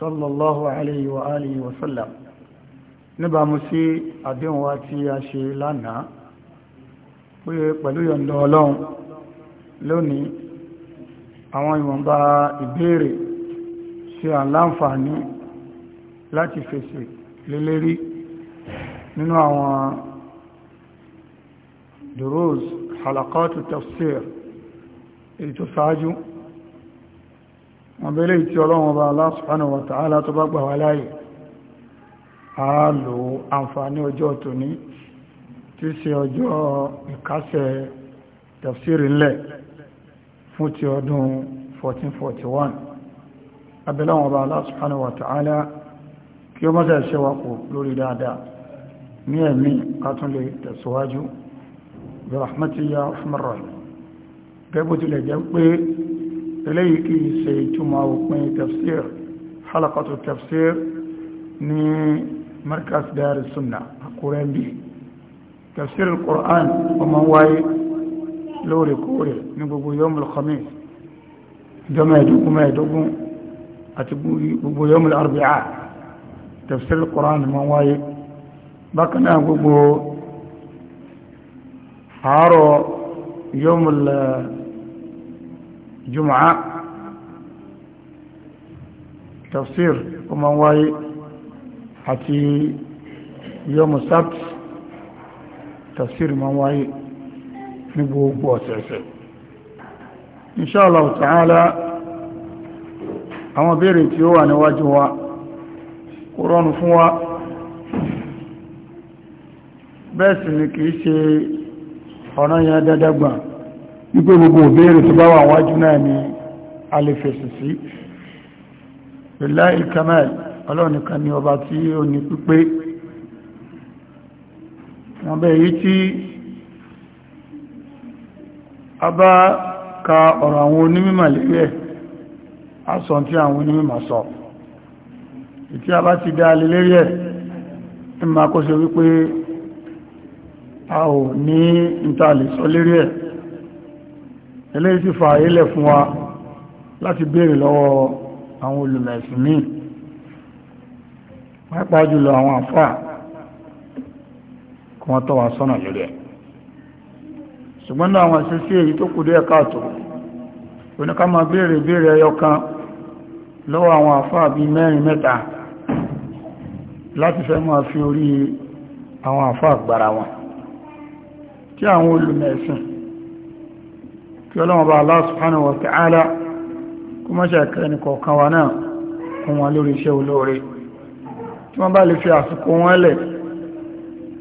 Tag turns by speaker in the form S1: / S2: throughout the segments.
S1: sallallahu alayhi wa alihi wa sallam níbàámu sí àdéhùn wa tí a ṣe lánàá pé pẹ̀lú yọ̀ǹda ọlọ́run lónìí àwọn ìwọ̀nba ìbéèrè ṣe àǹláǹfààní láti fèsì lélẹ́rí nínú àwọn durus halakọ́tù tafsir èyí tó àbẹ́lẹ̀ tí ọlọ́run bá Allah subhanahu wa ta'ala tó bá gbà wá láyé a lò àǹfààní ọjọ́ tòní tí ṣe ọjọ́ ìkásẹ̀ tafsiri ńlẹ̀ fún ti ọdún 1441 àbẹ́lẹ̀ wọn bá Allah subhanahu wa ta'ala kí ó mọ́sẹ̀ ṣe wá kò lórí dáadáa ní ẹ̀mí kátúnlé tẹ̀síwájú bí rahmatiyya rahman eléyìí kì í ṣe ìtumọ̀ òpin tafsir halakọtù tafsir ní markas dari sunna àkúrẹ́ bí tafsir al-qur'an ọmọ wáyé lóòrèkóòrè ní gbogbo yomul khamis jọmọ ẹ̀dógún mẹ́ẹ̀dógún àti gbogbo yomul arbi'a tafsir al-qur'an ọmọ wáyé bákanáà gbogbo àárọ̀ yomul jùmọ̀á tafsir ó máa ń wáyé àti yọmù sábt tafsir máa ń wáyé ní gbogbo ọ̀sẹ̀ẹ̀sẹ̀ inṣáàlá ta'ala àwọn béèrè tí ó wà níwájú wa kó rọrùn fún wa bẹ́ẹ̀ sì ni kìí ṣe ọ̀nà yẹn dáadáa gbọ́n wípé gbogbo òbéèrè tó bá wà wájú náà ni a lè fèsì sí ìlà ìkamal ọlọ́nìkan ni ọba tí ó ní pípé wọ́n bẹ̀ yí tí a bá ka ọ̀rọ̀ àwọn onímọ̀ lẹ́yẹ̀ a sọ tí àwọn onímọ̀ sọ ìtí a bá ti dá alẹ́ lẹ́yẹ̀ wípé a ò ní ìtàlẹ̀ sọ lérí eléyìí sì fààyè lẹ̀ fún wa láti béèrè lọ́wọ́ àwọn olùmọ̀ ẹ̀sìn míì pàápàá jùlọ àwọn àfà kí wọ́n tọ́ wa sọ́nà lórí ẹ̀ ṣùgbọ́n náà àwọn ìṣesí èyí tó kù díẹ̀ káàtó oníká máa béèrè béèrè ẹyọ kan lọ́wọ́ àwọn àfà bíi mẹ́rin mẹ́ta láti fẹ́ máa fi orí àwọn àfà gbára wọn tí àwọn olùmọ̀ ẹ̀sìn kí ọlọ́wọ́n bá Allah subhanahu wa ta'ala kó mọ́ ṣàkẹ́ ẹni kọ̀ọ̀kan wa náà kún wọn lórí iṣẹ́ olóore tí wọ́n bá lè fi àsìkò wọn lẹ̀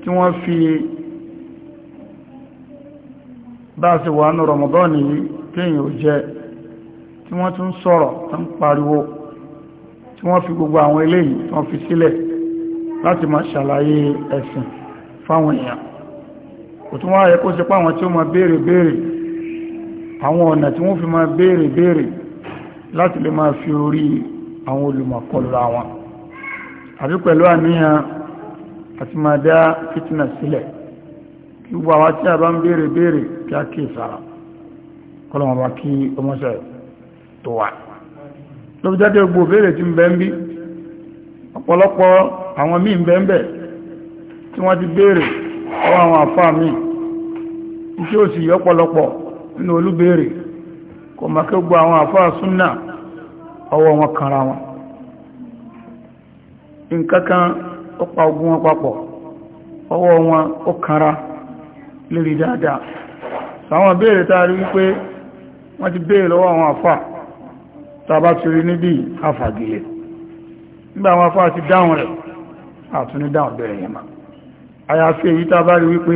S1: tí wọ́n fi bá sí wà ní Ramadan yìí tí èyàn ò jẹ tí wọ́n tún sọ̀rọ̀ tó ń pariwo tí wọ́n fi gbogbo àwọn eléyìí tí wọ́n fi sílẹ̀ láti máa ṣàlàyé ẹ̀sìn fáwọn èèyàn kò tún kó ṣe páwọn tí ó máa béèrè béèrè àwọn ọ̀nà tí wọ́n fi máa bèèrè bèèrè láti lè máa fi orí àwọn olùmọ̀kọlù àwọn àbí pẹ̀lú àníyàn àti máa dá fitna sílẹ̀ kí gbogbo àwọn tí a bá ń bèèrè béèrè kí a kí ìsára kọlọ̀wọ̀n bá kí ọmọṣẹ́ tó wà jáde gbogbo ń bẹ́ ń bí ọ̀pọ̀lọpọ̀ àwọn míì ń bẹ́ ń bẹ̀ tí nínú olúbèrè kò mọ̀ kí gbogbo àwọn àfáà súnnà ọwọ́ wọn kanra wọn nǹkankan ó pa ogun wọn papọ̀ ọwọ́ wọn ó kanra lérí dáadáa sàwọn béèrè tá a rí wípé wọ́n ti béèrè lọ́wọ́ àwọn àfáà tàbá ti rí níbi àfàgìlẹ̀ nígbà àwọn àfáà ti dáhùn rẹ̀ àtúndáhùn bẹ̀rẹ̀ yẹn ma àyàfi èyí tá a bá rí wípé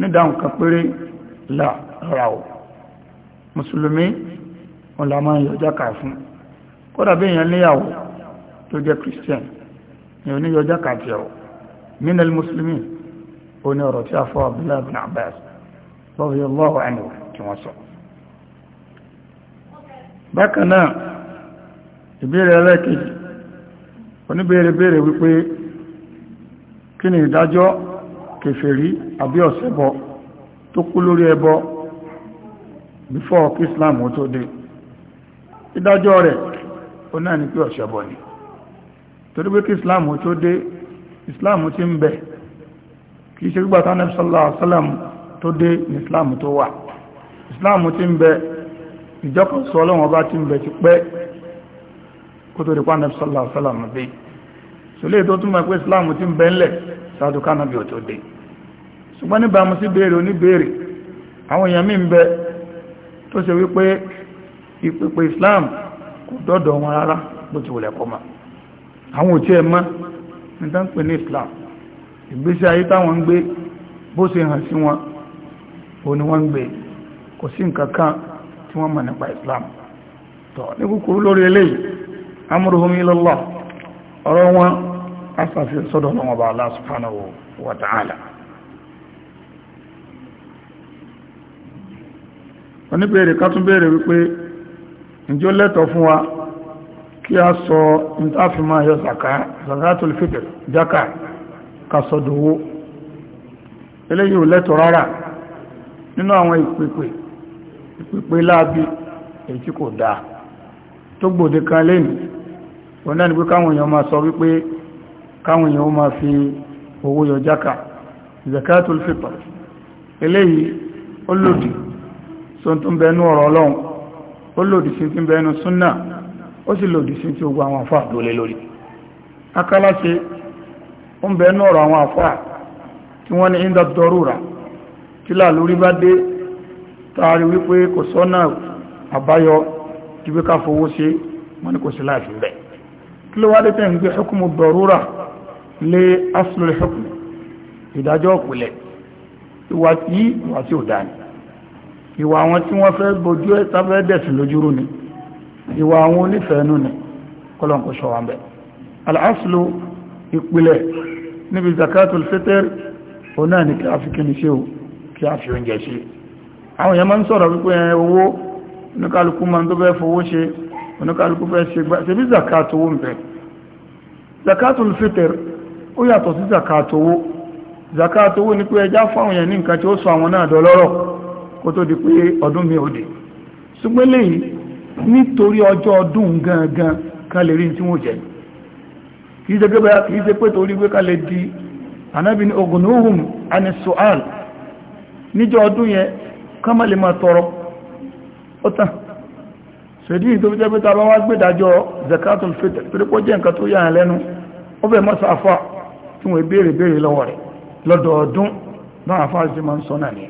S1: nídáhùn kan péré lára ò mùsùlùmí ọ̀làmọ́ ìyọjáka fún kódà bí èèyàn níyàwó tó jẹ́ christian ni oníyọjáka tí ọ̀ minal mùsùlùmí ó ní ọ̀rọ̀ tí a fọ́ abdullahi bin abbas radiyallahu anhu tí wọ́n sọ ni kèfèrí àbí ọ̀sẹ̀bọ tó kú lórí ẹbọ before kí islam ó tó dé ìdájọ́ rẹ̀ ó náà ní pé ọ̀sẹ̀bọ ni torí pé kí islam ó tó dé islam ti ń bẹ kì í ṣe gbígbà tán nẹ́bí sallallahu alaihi wasallam tó dé ní islam tó wà islam ti ń bẹ ìjọkọ̀sọ ọlọ́run ọba ti ń bẹ ti pẹ́ kó tó rí pa nẹ́bí sallallahu alaihi wasallam tó túnmọ̀ pé islam ti ń bẹ ńlẹ̀ sáájú kánàbí ò tó dé ṣùgbọ́n níbàmú sí béèrè oníbèèrè àwọn èèyàn mí ń bẹ tó ṣe wípé ìpèpè Islam kò dọ́dọ̀ wọn rárá bó ti wùlẹ̀ kọ́ ma àwọn òtí ẹ̀ ní tán pè ní Islam ìgbésí ayé táwọn ń gbé bó ṣe hàn sí wọn ò ní wọ́n ń gbé kò sí nǹkan kan tí wọ́n mọ̀ nípa Islam
S2: tọ̀ ní kúkúrú lórí
S1: eléyìí aṣàfi sọ́dọ̀ lọ́wọ́ bá Allah subhanahu wa ta'ala oníbèèrè ká tún béèrè wípé ǹjọ́ lẹ́tọ̀ fún wa kí a sọ ìtàfimá yọ zakatul fitr jaka ká sọ́dọ̀wó eléyìí lẹ́tọ̀ rárá nínú àwọn ìpèpè ìpèpè láabi èyí kò dáa tó gbòde kan lẹ́nu òun náà ni pé káwọn èèyàn máa sọ wípé káwọn èèyàn ó máa fi owó yọ jáka zakatul fitr eléyìí ó lòdì sọ tó ń bẹnu ọ̀rọ̀ ọlọ́run ó lòdì sí ti ń bẹnu súnnà ó sì lòdì sí ti ogun àwọn àfáà lólé lórí akálàṣe ó ń bẹnu ọ̀rọ̀ àwọn àfáà tí wọ́n ní inda tí làlórí bá dé taari wípé kò sọ́nà àbáyọ tí bí ká fowó ṣe wọ́n ní kò sí láìfí bẹ́ẹ̀ kí ló wá dé tẹ́ ń gbé hukumu darura lé aslul hukm ìdájọ́ òpìlẹ̀ ìwà tí ìwà tí ò dáa ni ìwà àwọn tí wọ́n fẹ́ bojú ẹ̀ tábẹ́ dẹ̀sìn lójúrú ni ìwà àwọn onífẹ̀ẹ́nú ni kọlọ̀nkọ̀ ṣọwà ń bẹ̀. al'aslu ìpìlẹ̀ níbi zakatul fitr o náà ni kí a fi kíni ṣe o kí a fi ó yàtọ̀ sí zakatowó zakatowo ni pé ẹjá fáwọn yẹn ní nǹkan tí ó sọ àwọn náà dọlọ́rọ̀ kó tó di pé ọdún mi ò dé ṣùgbọ́n nítorí ọjọ́ ọdún gangan kan lè rí tí wọ́n jẹ kìí ṣe kìí ṣe pé torí pé ká lè di anábì ní ogunuhum ani su'al níjọ ọdún yẹn ká má lè máa tọrọ ó tó fi jẹ́ pé ta bá wá gbé zakatul fitr pé jẹ́ nǹkan tí wọ́n bere béèrè lọ́wọ́ rẹ̀ lọ́dọọdún náà fásitì ma ń sọ náà ni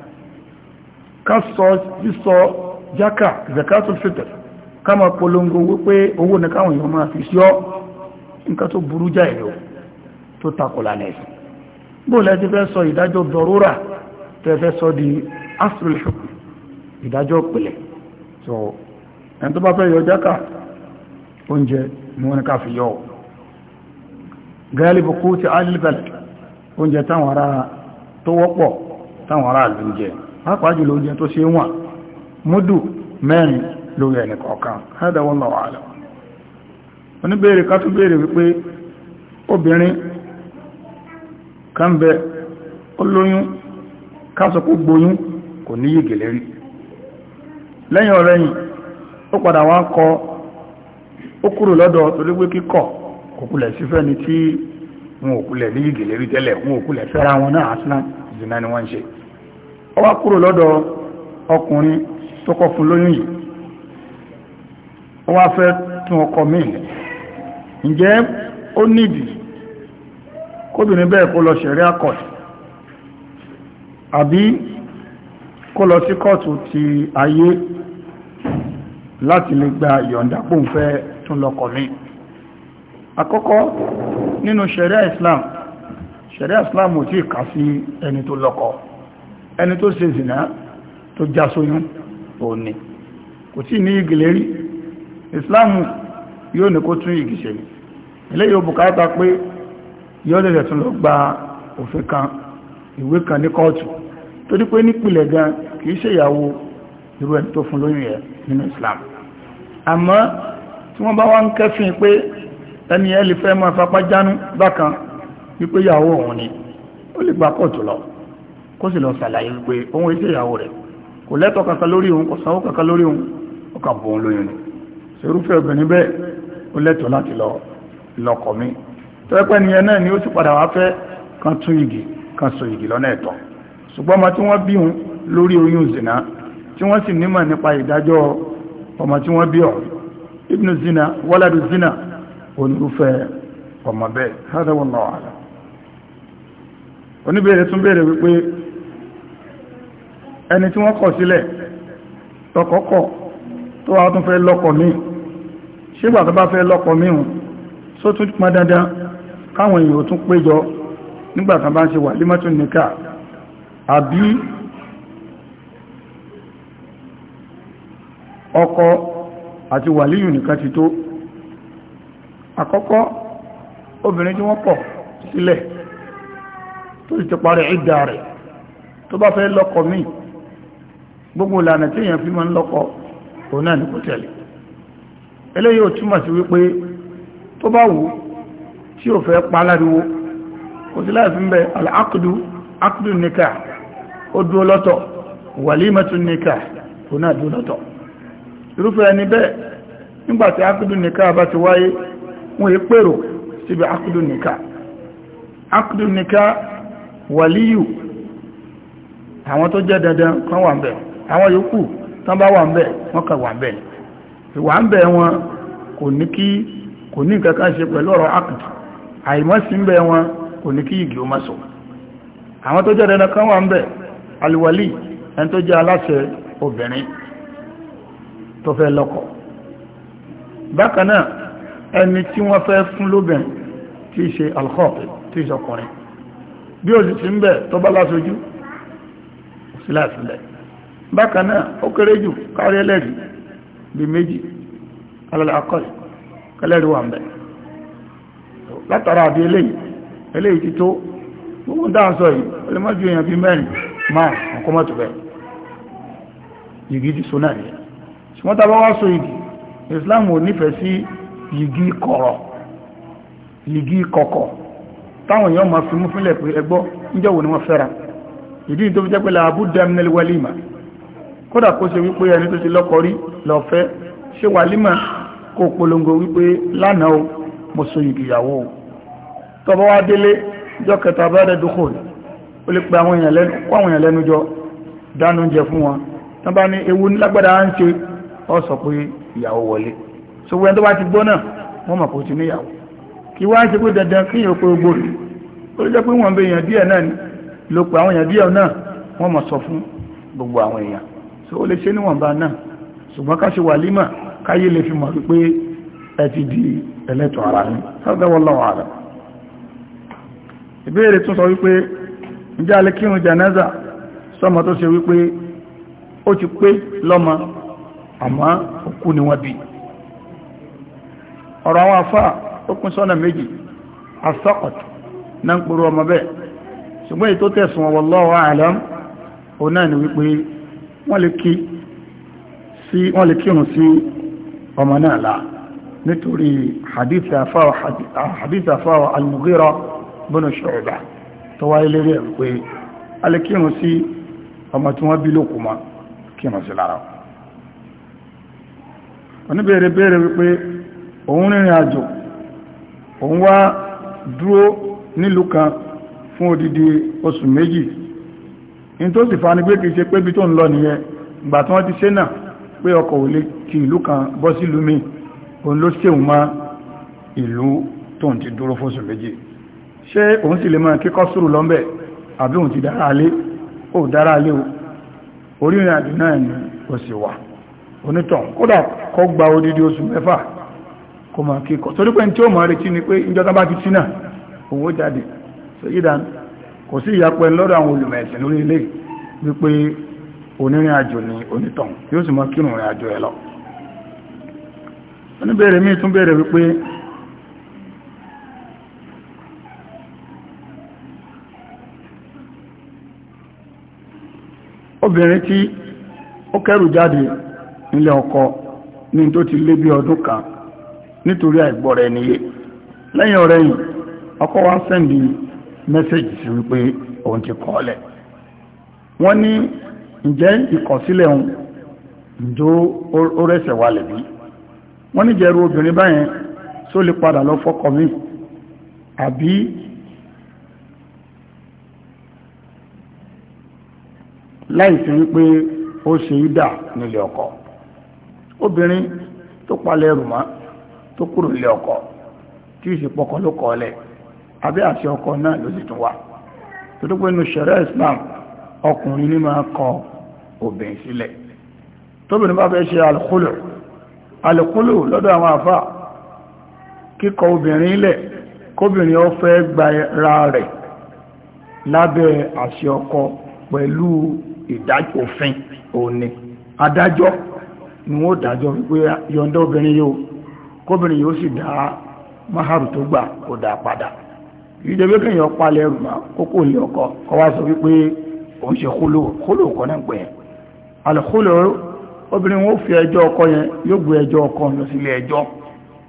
S1: sísọ jákà zakatul fitr polongo wípé owó ní fi nǹkan tó burú já tó takọ̀lá bóòlẹ́ ti sọ ìdájọ́ tẹ́ fẹ́ sọ di ìdájọ́ pẹ̀lẹ̀ so ẹni tó bá fẹ́ yọ jákà galibu kú ti alibẹ̀lẹ̀ oúnjẹ táwọn tó wọ́pọ̀ táwọn ará pàápàá jùlọ oúnjẹ tó ṣe wọ́n múdù mẹ́rin lórí ẹni kọ̀ọ̀kan hádà wọ́n ọ. oníbèèrè ká tún wípé obìnrin kan olóyún kásọpọ̀ gboyún kò ní yìí lẹ́yìn ọ̀rẹ́yìn ó padà wá kọ ó kúrò kòkulẹ̀ sífẹ́ ni tí wọn ò kulẹ̀ ní gèlè rí tẹ́lẹ̀ wọn ò kulẹ̀ fẹ́ra wọn náà aslan zina ni wọ́n ń ṣe ó wá kúrò lọ́dọ̀ ọkùnrin tó kọ́ fún lóyún yìí ó wá fẹ́ tún ọkọ míì ǹjẹ́ ó nídìí kóbìnrin bẹ́ẹ̀ kó lọ ṣẹ̀rí àkọ́tù àbí kó lọ sí kọ́ọ̀tù ti ayé láti lè gba ìyọ̀ǹdà pòun tún lọ́kọ míì àkọ́kọ́ nínú ṣẹ̀ríà islam ṣẹ̀ríà islam ò tí kà sí ẹni tó lọ́kọ ẹni tó ṣe zìnà tó já sóyún òní kò tí ní igi lérí islam yóò ní kó tún igi ṣe ilé yóò bùkátà pé yóò lè tún lọ gba òfin kan ìwé kan ní kóòtù torí pé nípìlẹ̀ gan kìí ṣe ìyàwó irú ẹni tó fún lóyún ẹ̀ nínú islam àmọ́ tí wọ́n bá wá ń kẹ́fìn pé ẹni ẹ lè fẹ́ máa fapá jánú bákan wípé ìyàwó òun ni ó lè gba kóòtù lọ kó sì lọ ṣàlàyé wípé òun iṣẹ́ ìyàwó rẹ̀ kò lẹ́tọ̀ọ́ kankan lórí òun kò sanwó kankan lórí òun ó kà òun lóyún ni ṣerúfẹ́ obìnrin bẹ́ẹ̀ ó lẹ́tọ̀ọ́ láti lọ lọ́kọ mi tọ́pẹ́ ni ẹ náà ni ó sì padà wá fẹ́ kan tún igi kan so igi lọ́nà ẹ̀tọ́ ṣùgbọ́n ọmọ tí wọ́n bí òun lórí oyún zina tí wọ́n sì nímọ̀ nípa ìdájọ́ ọmọ tí wọ́n bí ọ̀hún ibnu zina waladu zina olúfẹ́ ọmọ bẹ́ẹ̀ hádàwọ̀ náà àlà oníbèrè tún bèèrè wípé ẹni tí wọ́n kọ̀ sílẹ̀ tọkọ́kọ̀ tó wá tún fẹ́ lọ́kọ míì ṣígbà tó bá fẹ́ lọ́kọ míì hùn só tún pọn dandan káwọn èèyàn tún péjọ nígbà kan bá ń ṣe wà límọ́tò nìkà àbí ọkọ àti wàlíyù nìkan ti tó àkọ́kọ́ obìnrin tí wọ́n pọ̀ sílẹ̀ tó ti parí ìdá rẹ̀ tó bá fẹ́ gbogbo ìlànà tí èèyàn fi máa ń na òun náà ní kò tẹ̀lé eléyìí ò túmọ̀ sí wípé tó bá wù tí ò fẹ́ pa láriwo kò sí láìfí ń bẹ alákùdù akùdù nìkà ó dúró lọ́tọ̀ wàlímẹ́tù nìkà òun ti wáyé wọ́n èpèrò síbi akudu nìka wàlíyù àwọn tó jẹ́ dandan kan wà ń bẹ̀ àwọn yòókù tán bá wà ń bẹ̀ wọ́n kà wà ń bẹ̀ ìwà ń bẹ̀ wọn kò ní kí kò ní nǹkan ṣe pẹ̀lú ọ̀rọ̀ àìmọ́sí ń bẹ̀ wọn kò ní kí ìgì ó sọ àwọn tó jẹ́ dandan kan wà ń bẹ̀ aliwali ẹni tó jẹ́ aláṣẹ obìnrin tó fẹ́ bákan náà ẹni tí wọ́n fẹ́ fún lóbìn tí ṣe alkhọ́pẹ̀ tí ṣe ọkùnrin bí o sì ti ń bẹ̀ tó bá lásojú sílẹ̀sílẹ̀ bákan náà ó kéré jù kárí ẹlẹ́rìí bí méjì alẹ́lẹ́ akọ́lì kẹlẹ́rìí wà ń bẹ̀ látara àbí eléyìí eléyìí ti tó gbogbo dáńsọ yìí ó lè má ju èèyàn bí mẹ́rin máa ọkọ́mọ́tò bẹ̀ ìgidi so náà ni ṣùgbọ́n tá wá so ìdí Islam ò nífẹ̀ẹ́ sí yìgì kọ̀rọ̀ yìgì kọ̀kọ̀ táwọn èèyàn máa fi mú fílẹ̀ pé ẹgbọ́ níjọ́ wo ni wọ́n fẹ́ra ìdí tó fi jẹ́ pé làbú dẹ́mínẹ́l wálímà kódà kó ṣe wípé ẹni tó ti lọ́kọ rí lọ́fẹ́ ṣe wálímà kó polongo wípé lánàá o mo so yìgì ìyàwó o tọ́bọ́ wá délé jọ kẹta bẹ́rẹ̀ dúkò ó lè pe àwọn èèyàn lẹ́nu jọ dánú so wẹ́n tó bá ti gbọ́ náà wọ́n mọ̀ kò ti níyàwó kí wá ṣe pé dandan kí èèyàn pé rí ó lè jẹ́ pé wọ́n bẹ èèyàn díẹ̀ náà ni ló àwọn èèyàn díẹ̀ náà wọ́n mọ̀ sọ fún gbogbo àwọn èèyàn so ó lè ṣe níwọ̀nba náà ṣùgbọ́n ká ṣe káyé lè fi mọ̀ di ẹlẹ́tọ̀ ara ni lọ́wọ́ ara ìbéèrè tún sọ wípé ǹjẹ́ alẹ́ kírun sọmọ tó ṣe wípé ó ti pé ọ̀rọ̀ àwọn afá ó kún sọ́nà méjì asọ́kọ̀t náà ń pòrò ọmọ bẹ́ẹ̀ ṣùgbọ́n ètò tẹ̀sùn wallahu a'lam òun náà ni wípé wọ́n lè kí sí wọ́n lè kírun sí ọmọ náà là nítorí hadith afáwọ̀ al-Mughira bin Shu'ba tó wáyé lérí ẹ̀ pé a lè kírun sí ọmọ tí wọ́n bí lókùnmọ́ kírun sí lára oníbèèrè béèrè wípé òun rìnrìn àjò òun wá dúró nílùú kan fún odidi oṣù méjì in tó sì fa ni pé kìí ṣe pé bí tó ń lọ nìyẹn ìgbà tí wọ́n ti ṣe náà pé ọkọ̀ ò lè ti ìlú kan bọ́ sí ìlú mi òun ló ṣeun mọ́ ìlú tó ń ti dúró fóṣù méjì ṣé òun sì lè mọ́ kíkọ́ sùúrù lọ́mbẹ̀ àbí òun ti dára alé ó dára alé o orí ìrìn àjò náà ni ó sì wà onítọ̀ kódà kọ́ gba odidi oṣù mẹ́fà kò mọ̀ kíkọ́ torí pé tí ó mọ̀ retí ni pé ìjọba bá ti tí náà owó jáde jáde ṣèyídà kò sí ìyapẹ́ lọ́dọ̀ àwọn olùmẹ̀sìn lórí ilé wípé onírin àjò ni onítàn yóò sì mọ́ kírun rìn àjò ẹ̀ lọ ọkọ ní tó ti lé nítorí àìgbọ́ra ẹniyé lẹ́yìn ọ̀rẹ́yìn ọkọ wa sẹ́ndì mẹ́sẹ̀jì sí wípé òun ti kọ́ọ̀lẹ̀ wọ́n ní ǹjẹ́ ìkọ̀sílẹ̀ òun ǹjó ó rẹ̀sẹ̀ wà lẹ̀bí wọ́n ní jẹ́rú obìnrin báyẹn só lè padà lọ fọ́kọ mi àbí láìsí wípé ó ṣe ìdà nílé ọkọ obìnrin tó palẹ̀ tó kúrò lé ọkọ tí ìsìpọ̀kọ ló kọ́ lẹ̀ abẹ́ àti ọkọ náà ló sì tún wà tó tó pé nínú ṣẹ̀rẹ́ Islam ọkùnrin ní máa kọ obìnrin sílẹ̀ tóbìnrin bá fẹ́ ṣe alkhulu alkhulu lọ́dọ̀ àwọn àfà kíkọ obìnrin lẹ̀ kóbìnrin ó fẹ́ gba ra rẹ̀ lábẹ́ àṣẹ ọkọ pẹ̀lú ìdájọ́ òfin òní adájọ́ ni wọ́n dájọ́ wípé yọ̀ǹda obìnrin yóò kóbìnrin yóò sì dá maharu tó gbà kó dá padà ìdè bí kéèyàn palẹ̀ ẹrù mọ́ kókó lé ọkọ kó wá sọ wípé òun ṣe kólò kólò kọ́ náà pẹ̀ alùkólò obìnrin wọn fi ẹjọ́ ọkọ yẹn yóò gbé ẹjọ́ ọkọ lọ sílé ẹjọ́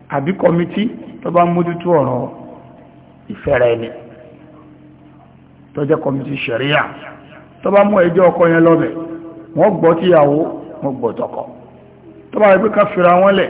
S1: àbí kọmití tó bá mójútó ọ̀rọ̀ ìfẹ́ra ẹni tó jẹ́ kọmití tó bá mú ẹjọ́ ọkọ yẹn lọ́bẹ̀ wọ́n gbọ́ tíyàwó wọ́n gbọ́ tọkọ tó bá yẹ pé ká fira wọn lẹ̀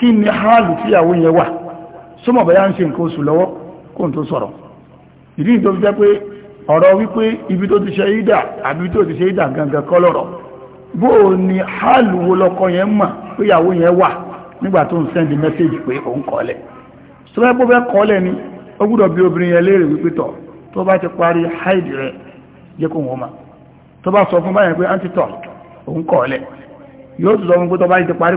S1: kí ni hálù tíyàwó yẹn wà súnmọ̀ bẹ̀yà ń ṣe nǹkan oṣù lọ́wọ́ kò n tó sọ̀rọ̀ ìdí tó fi jẹ́ pé ọ̀rọ̀ wípé ibi tó ti ṣe ìdà àbí tó ti ṣe ìdà gangan kọ́ lọ́rọ̀ o ni hálù wo lọ́kọ yẹn mọ̀ pé ìyàwó wà nígbà tó ń sẹ́ndì mẹ́sẹ́jì pé kọ́lẹ̀ sọ́wọ́ ni ó gbúdọ̀ bí obìnrin yẹn léèrè wípé tọ̀ tó bá ti parí háìdì rẹ̀ jẹ́ kó tó sọ fún báyẹn pé kọ́lẹ̀ yóò tún sọ fún pé tó bá ti parí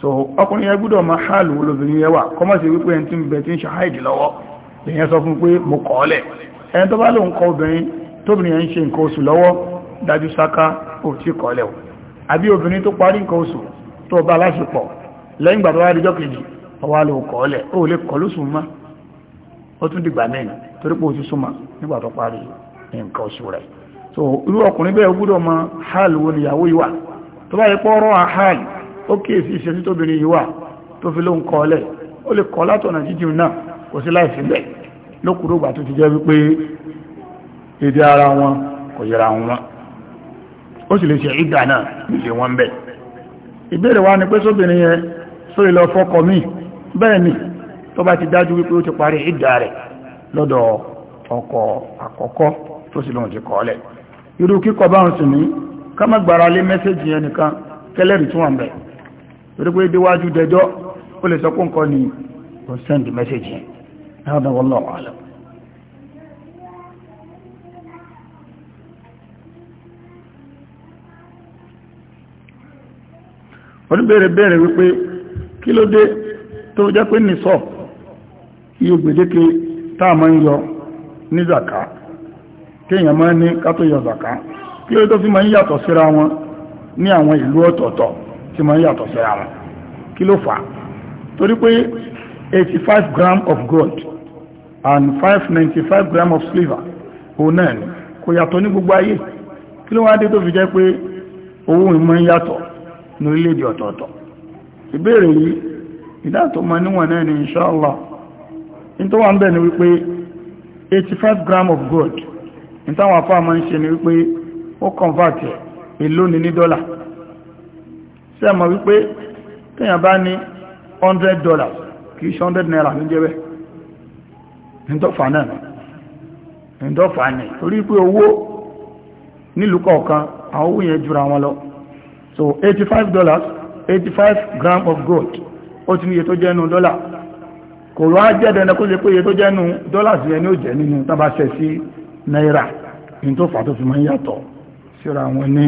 S1: so ọkùnrin yẹn ma máa hàlù olóbìnrin yẹn wà sí wípé ẹni tí ń tí ń ṣàhàìdì lọ́wọ́ lèyẹn sọ fún pé mo kọ̀ ẹni tó bá kọ obìnrin tóbìnrin ń ṣe nǹkan oṣù lọ́wọ́ dájú tí àbí obìnrin tó parí nǹkan oṣù tó bá lẹ́yìn kejì ọwá ó lè kọ̀ lóṣù mọ́ ó tún dìgbà mẹ́rin torí pé oṣù ó kíyèsí ìṣẹ́sí tóbìnrin yìí wà tó fi ló ń kọlẹ̀ ó lè kọ látọ̀nà jíjìn náà kò sí láìsí bẹ́ẹ̀ lókùrúgbà tó ti jẹ́ wípé èdè ara wọn kò yẹra wọn ó sì lè ṣe ìgbà náà nílé wọn bẹ́ẹ̀ ìbéèrè wa ni pé sóbìnrin yẹn sórí lọ fọ́kọ bẹ́ẹ̀ ni tó bá ti dájú wípé ó ti parí rẹ̀ lọ́dọ̀ ti irú kíkọ báhùn sí ní ká má gbára lé yẹn nìkan kẹlẹ́rìí tún torí pé déwájú dẹjọ́ ó lè sọ ni kò send message yẹn هذا والله أعلم wọ́n bèèrè wípé kí ló dé tó jẹ́ pé ní sọ iye gbèdéke táà máa ń yọ ní zaka kéèyàn máa ní kátó yọ zaka kí ló tó fi ma ń atọ síra wọn ní àwọn ìlú ọ̀tọ̀ọ̀tọ̀ tí ma ń yàtọ̀ kí ló fà torí 85 gram of gold and 595 gram of silver òun náà ni kò yàtọ̀ ní gbogbo ayé kí ló wá dé tó fi jẹ́ pé owó ìmọ̀ ń yàtọ̀ ní orílẹ̀-èdè ọ̀tọ̀ọ̀tọ̀ ìbéèrè yìí ìdáàtọ̀ ma níwọ̀n náà ni inshallah in tó ni wípé 85 gram of gold in táwọn afọ́ ma ń ṣe ni wípé ó convert ẹ̀ èlò ní ní sẹ́mọ̀ wípé tẹ́yàn bá ní 100 dollars í ṣe 100 naira ní jẹ́bẹ̀ náà ní torí pé owó nílùú kọ̀ọ̀kan àwọn owó wọn lọ so 85 dollars 85 gram of gold ó ti ní iye tó jẹ́ nù dọ́là kò á kó pé iye tó jẹ́ nù dollars ó jẹ́ nínú tàbá sí tó fi máa ń yàtọ̀ síra wọn ní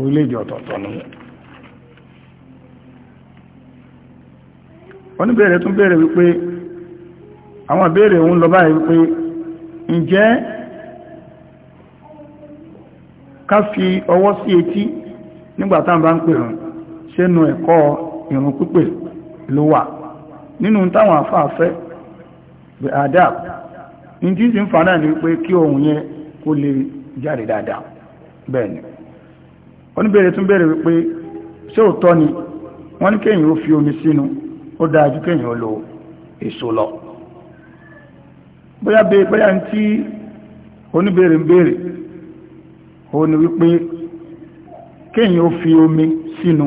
S1: orílẹ̀-èdè ọ̀tọ̀ọ̀tọ̀ oníbẹ̀rẹ̀ tún bẹ̀rẹ̀ wípé àwọn ìbéèrè òun lọ báyìí wípé ǹjẹ́ ká fi ọwọ́ sí etí nígbàtá bá ń pè rùn sẹ́nu ẹ̀kọ́ ìrùn pípè ló wà nínú táwọn àfáàfẹ́ adab ní tí sì ń fa wípé kí ohun yẹn kó lè jáde dáadáa bẹ́ẹ̀ni oníbẹ̀rẹ̀ tún bẹ̀rẹ̀ wípé ṣé ni wọ́n ní kéèyàn ó fi omi sínú ó dájú kéèyàn lo èso lọ bóyá bẹ́ẹ̀ bóyá ń tí oníbèrè ń bèèrè ó ní wípé kéèyàn ó fi omi sínú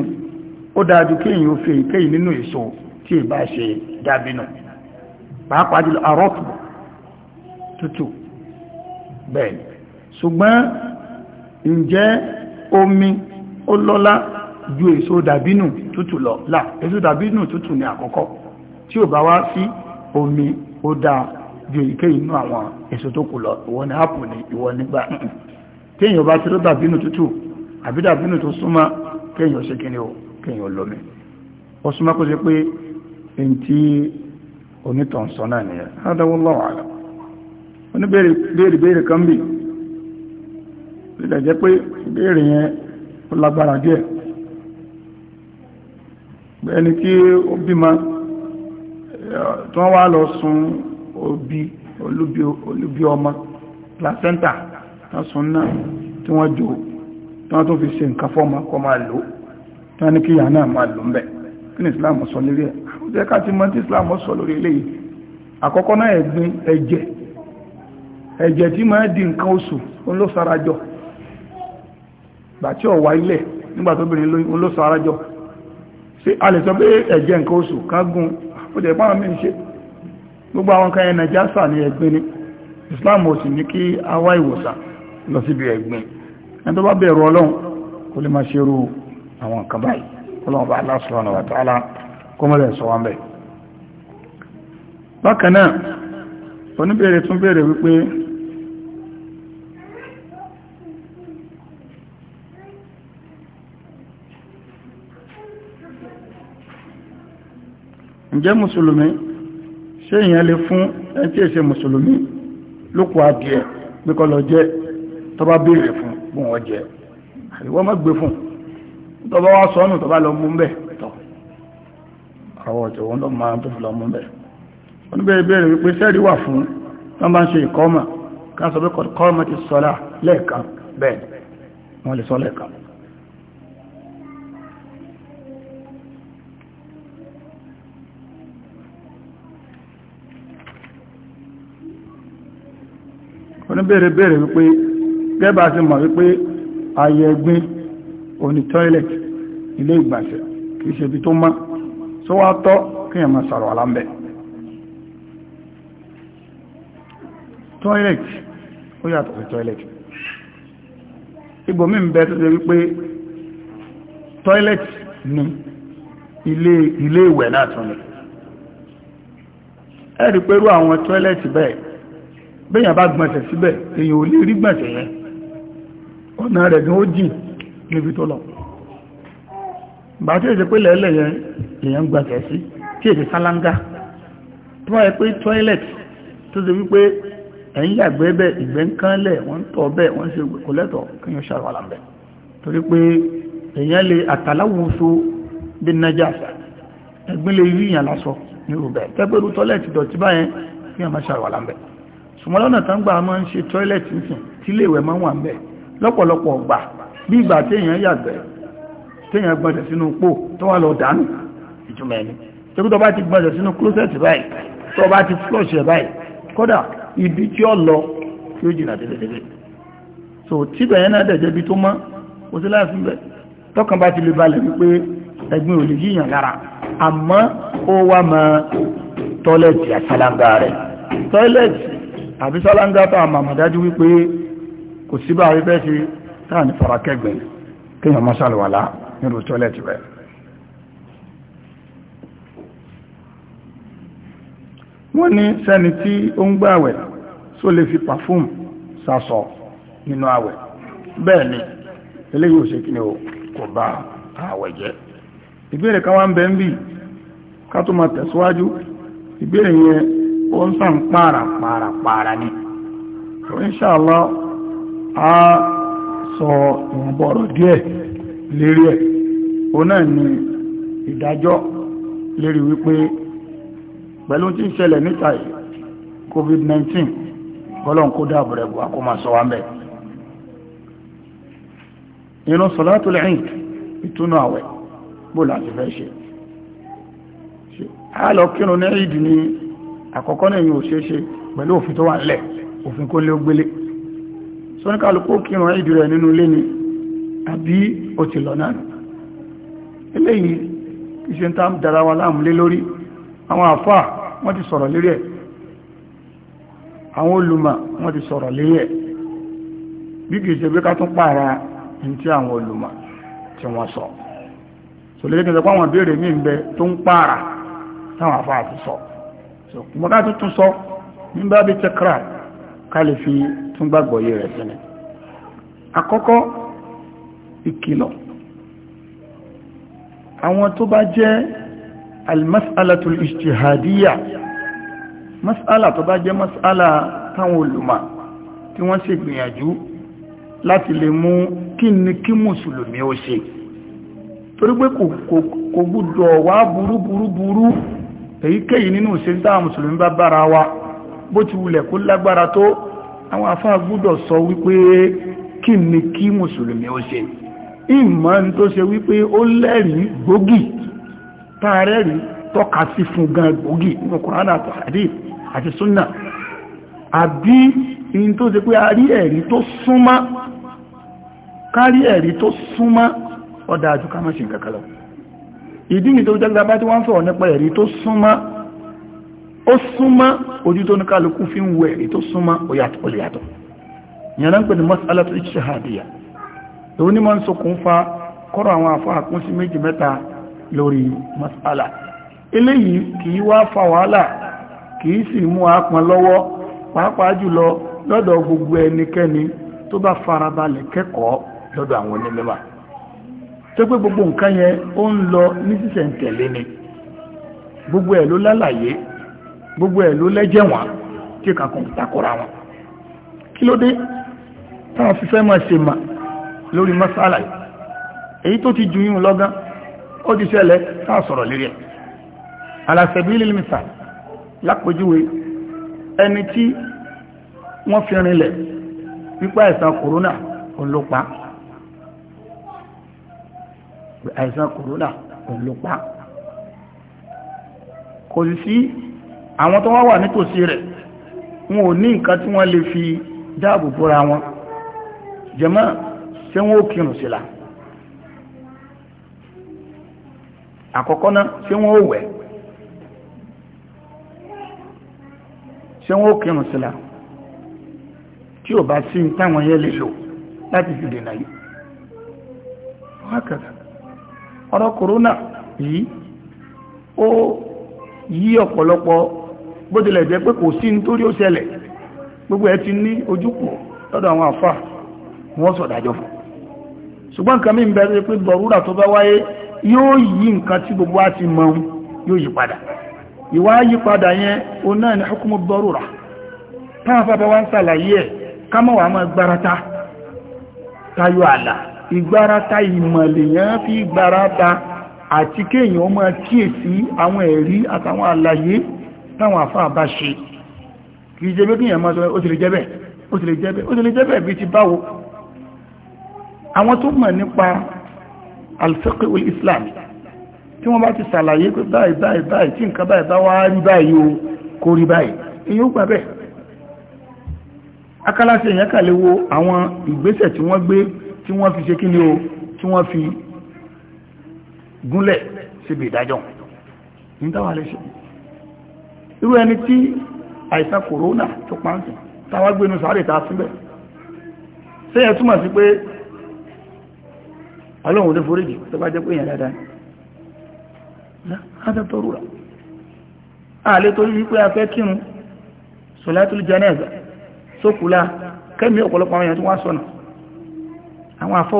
S1: ó dájú kéèyàn ó fi èyíkéyìí nínú èso tí ì bá ṣe dábínú pàápàá jùlọ àrọ́pù tútù bẹ́ẹ̀ ṣùgbọ́n ǹjẹ́ omi ó lọ́lá ju èso dàbínù tútù lọ là èso dàbínù tútù ní àkọ́kọ́ tí ò bá wá sí omi ó dáa ju èyíké inú àwọn èso tó kù lọ ìwọ ni ápù ni ìwọ nígbà kéèyàn bá ti rọ́ dàbínù tútù àbí dàbínù tó súnmọ́ kéèyàn ṣe kíni o kéèyàn lómi ó súnmọ́ kó ṣe pé èyí tí onítàn sọ náà nìyẹn adáwọ́lọ́wọ́ àlọ́ oníbèrè kan bì lè jẹ́ pé ìbéèrè yẹn ó lágbára díẹ̀ ẹni kí ó bímọ tí wọ́n wá lọ sun òbí olúbí ọmọ placenta tán sun náà tí wọ́n jò tí wọ́n tó fi nǹkan ma kọ ma lò tí wọ́n ní kí ìyá náà ma lò kí ni Islam sọ lórí ẹ̀ ó jẹ́ ká ti Islam sọ lórí àkọ́kọ́ náà ẹ̀jẹ̀ ẹ̀jẹ̀ tí di nǹkan oṣù gbà tí ọ̀wà ilẹ̀ sí a lè sọ pé ẹ̀jẹ̀ nǹkan oṣù kágún ó jẹ́ pàwọn mí ṣe gbogbo àwọn kan ẹnà jásà ní ẹgbẹ́ ní Islam ò sì ní kí a wá ìwòsàn lọ síbi ẹgbẹ́ ẹni tó bá bẹ̀rù Ọlọ́run kó lè máa ṣerú àwọn nǹkan báyìí Ọlọ́run ǹjẹ́ mùsùlùmí ṣé èèyàn lè fún ẹni tí èṣe mùsùlùmí lókùn adìẹ pé kó lọ jẹ tó bá béèrè fún bó wọn jẹ àríwọ́ má gbé fún tó bá wá sọnù tó bá lọ mú bẹ́ẹ̀ tọ̀ àwọn ọ̀tẹ̀ wọn lọ máa tó fi lọ mú bẹ́ẹ̀ wọn bẹ́ẹ̀ béèrè wípé sẹ́ẹ̀rí wà fún wọn bá ń ṣe ìkọ́mà ká sọ pé kọ́mà ti sọ́lá lẹ́ẹ̀kan bẹ́ẹ̀ wọ́n lè sọ lẹ́ẹ̀kan oníbèrè bèrè wípé gẹ́bà ti mọ̀ wípé ayé ẹgbín oní toilet ilé ìgbàṣẹ̀ kìí ṣe ibi tó mọ́ tó wá tọ́ kí ẹ̀mọ̀ sàrọ̀ alámbẹ̀ toilet ó yàtọ̀ sí toilet ibòmí ń bẹ tó ṣe wípé toilet ni ilé ilé ìwẹ̀ náà tún ni ẹ̀rí pẹ̀lú àwọn toilet bẹ́ẹ̀ bẹ́yàn bá gbọ̀nsẹ̀ síbẹ̀ èyàn ò lè rí gbọ̀nsẹ̀ yẹn ọ̀nà rẹ̀ gan ó jìn níbi tó lọ bá tí èsì pé lẹ́lẹ̀ yẹn èyàn gbọ̀nsẹ̀ sí tí èsì sálángá tó wáyé pé toilet tó ṣe wípé ẹ̀yìn yàgbẹ́ bẹ́ ìgbẹ́ ń kán lẹ̀ wọ́n tọ̀ bẹ́ wọ́n ṣe kò lẹ́tọ̀ kíyàn ṣàrọ̀lá bẹ́ torí pé èyàn lè àtàláwòso bí nájàsà ẹgbẹ́ lè rí ìyàn lásọ ní rúbẹ̀ ṣùgbọ́n lọ́nà tán gbà máa ń ṣe tọ́ílẹ̀tì nìsìn tí léèwẹ̀ máa ń wà ń bẹ̀ lọ́pọ̀lọpọ̀ ọgbà bí ìgbà téèyàn yàgbẹ́ téèyàn gbọ́njẹ̀ sínú pò tó wà lọ dànù ìjùmọ̀ ẹni tókù tó bá ti gbọ́njẹ̀ sínú klósẹ̀tì báyìí tó ibi tí ó lọ tí jìnà tẹ́lẹ̀tẹ́lẹ̀ so tíbẹ̀ yẹn náà dẹ̀jẹ́ bí tó mọ́ kò sí láàfin bẹ̀ tọ́kàn bá ti lè balẹ̀ wípé ẹgbin ò lè tọ́lẹ̀tì àbí sálángá tó àmà àmàdájú wípé kò síbà rí fẹ́ ṣe táà ní farakẹ́gbẹ̀ kéèyàn kegbe sàlùwàlá nínú tọ́lẹ̀tì rẹ̀ wọ́n ní sẹ́ni tí ó ń só lè fi nínú àwẹ̀ bẹ́ẹ̀ ni eléyìí ò kí ni kò bá àwẹ̀ jẹ́ ìbéèrè wá ń ń bì ká tó máa tẹ̀síwájú ìbéèrè yẹn ó ń sàn pààrà ni so inṣàlá a sọ ìwọ̀nbọ̀rọ̀ díẹ̀ lérí ẹ̀ o náà ni ìdájọ́ lérí wípé pẹ̀lú tí ń ṣẹlẹ̀ níta covid-19 ọlọ́run kó dáàbò rẹ̀ bù akọ́ máa sọ wá mẹ́ inú salatul Eid ìtúnú àwẹ̀ bó láti fẹ́ ṣe a lọ kírun ní ìdí ni àkọ́kọ́ náà yóò ṣe é ṣe pẹ̀lú òfin tó wà nílẹ̀ òfin kó lé ó gbélé sóníkàlùkù kírun ìdí rẹ̀ nínú ilé ni àbí ó ti lọ náà eléyìí iṣẹ́ tá dára wa láàmúlé lórí àwọn àfáà wọ́n ti sọ̀rọ̀ lérí ẹ̀ àwọn olùmọ̀ wọ́n ti sọ̀rọ̀ lérí ẹ̀ bí kìí ṣe bí ká tún pààrà ní tí àwọn olùmọ̀ tí wọ́n sọ so lè ní ìjọpá àwọn ìbéèrè ní ìbẹ tó ń pààrà táwọn àfáà ti sọ mọ́ká tó tún sọ ní bá bí tẹ́kra ká lè fi tún gbàgbọ́ yé rẹ̀ sílẹ̀ àkọ́kọ́ ìkìlọ̀ àwọn tó bá jẹ́ almasalatul ijtihadiyya masala tó bá jẹ́ masala táwọn olùmọ̀ tí wọ́n sì gbìyànjú láti lè mú kí ní kí mùsùlùmí ó ṣe torí pé kò gbúdọ̀ wá burúburúburú èyíkéyìí nínú ìṣesí mùsùlùmí bá bára wa bó ti wulẹ̀ kó lágbára tó àwọn afá gbúdọ̀ sọ wípé kí ni kí mùsùlùmí ó ṣe ìmọ̀ ní tó ṣe wípé ó lẹ́rìí gbógì táàrẹ́rìí tọ́ka sí fún gan gbógì nínú kùránà àtàdé àti súnà àbí in tó ṣe pé a rí ẹ̀rí tó ìdí ni tó jẹ́ gbá tí wọ́n ń sọ̀rọ̀ nípa ẹ̀rí tó súnmá ó súnmọ́ ojú tó ní kálukú fi ń wo ẹ̀rí tó súnmá ó lè yàtọ̀ ìyẹn pè ní masalatu ishahadiya ń lọ́dọ̀ gbogbo ẹnikẹ́ni tó bá farabalẹ̀ kẹ́kọ̀ọ́ lọ́dọ̀ àwọn tó pé gbogbo nǹkan yẹn ó ń lọ ní sísẹ̀ntẹ̀lé ni gbogbo ẹ̀ ló lálàyé gbogbo ẹ̀ ló lẹ́jẹ̀wọ̀n tí kankan takora wọn kí ló dé táwọn fi fẹ́ máa ṣe mà lórí masala yìí èyí tó ti ju yín lọ́gán ó ti ṣẹlẹ̀ táà sọ̀rọ̀ lérí ẹ̀ alàṣẹ̀bí lílmìsà lápòjúwe ẹni tí wọ́n fi rinlẹ̀ wípé àìsàn kòrónà òun ló pa á àìsàn corona pẹ̀lú pa kò sì sí àwọn tó wá wà nítòsí rẹ̀ wọn ò ní nǹkan tí wọ́n lè fi dáàbò bóra wọn jẹ́mọ́ ṣé wọ́n ó kírun sí la àkọ́kọ́ náà ṣé wọ́n ó wẹ̀ ṣé wọ́n ó kírun sí la tí ò bá sí táwọn yẹn lè lò láti fi dènà yìí wọ́n ọ̀rọ̀ kòrónà yìí ó yí ọ̀pọ̀lọpọ̀ bó tilẹ̀ jẹ́ pé kò sí nítorí ó sẹlẹ̀ gbogbo ẹ ti ní ojúpọ̀ lọ́dọ̀ àwọn àfà wọ́n sọ̀dájọ́ ṣùgbọ́n nǹkan mìí bẹ̀rẹ̀ pé bọ̀rúrà tó bá wáyé yóò yí nǹkan tí gbogbo á ti yóò yí padà ìwá yí padà yẹn náà táwọn afẹ́fẹ́ wá ń sàlàyé ẹ̀ ká mọ̀ gbárata táyọ̀ àlà ìgbárata ìmọ̀lèyàn fi gbárata àti kéèyàn ó máa kíyèsí àwọn ẹ̀rí àtàwọn àlàyé táwọn àfáà bá ṣe kìí jẹ́ bẹ́ẹ̀ kíyàn máa sọ ó ti lè jẹ́bẹ̀ ó bí ti báwo àwọn tó mọ̀ nípa al-fiqh islam tí wọ́n bá ti sàlàyé pé báyìí báyìí báyìí tí nǹkan báyìí bá wá rí báyìí o kò rí báyìí tí wọ́n fi ṣe kí ni o tí wọ́n fi gúnlẹ̀ síbi ìdájọ́ ní táwà lè ṣe irú ẹni tí àìsàn kòrónà tó pàǹtì táwà gbénu sáré ta síbẹ̀ sẹ́yẹ túmọ̀ sí pé ọlọ́run lè foríjì tó bá jẹ́ pé èèyàn dáadáa láti tọrù rà ààlé torí wípé a fẹ́ kírun sọ̀látùl jánásà sókùlá kẹ́mí ọ̀pọ̀lọpọ̀ àwọn èèyàn tí wọ́n sọ̀nà àwọn afọ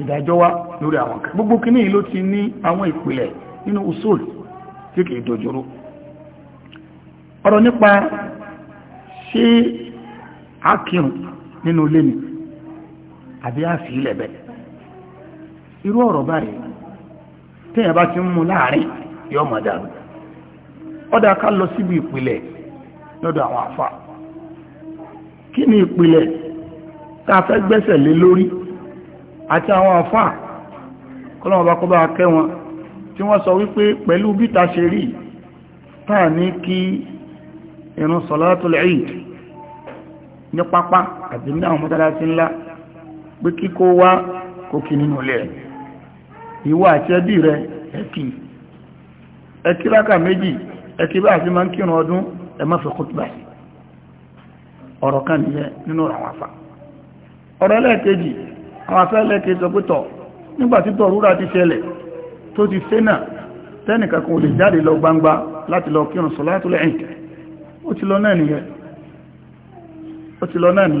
S1: ìdájọ́ wá lórí àwọn kan gbogbo kìíní yìí ló ti ní àwọn ìpìlẹ̀ nínú usul tí kìí dojúrú ọ̀rọ̀ nípa ṣé akírun nínú ilé àbí àfi ilẹ̀ irú ọ̀rọ̀ báyìí bá ti ń mú láàrin mọ̀ dàrú ọ̀dà ká lọ tá a fẹ́ gbẹ́sẹ̀ lé lórí àti àwọn àfáà kọ́lọ́wọ́n bá kọ́ bá kẹ́ wọn tí wọ́n sọ wípé pẹ̀lú bíta ṣe rí táà ní kí ìrun salatul Eid ní pápá àti ní àwọn mọ́tàlásí ńlá pé kíkó wá kòkì nínú ilẹ̀ ìwọ àti ẹbí rẹ ẹkì ẹkì rákà méjì ẹkì bá àti máa ń kírun ọdún ẹ má fi kútùbà ọ̀rọ̀ kan nìyẹn nínú àwọn àfáà ọ̀rọ̀ lẹ́ẹ̀kejì àwọn afẹ́ lẹ́ẹ̀kejì ọgbẹ́tọ̀ nígbàtí tọ̀rúra ti ṣẹlẹ̀ tó ti fẹ́nà tẹ́nìkan kò lè jáde lọ gbangba láti lọ kírun sọ̀látù lẹ́yìn ó ti lọ náà nìyẹn ó ti lọ náà ni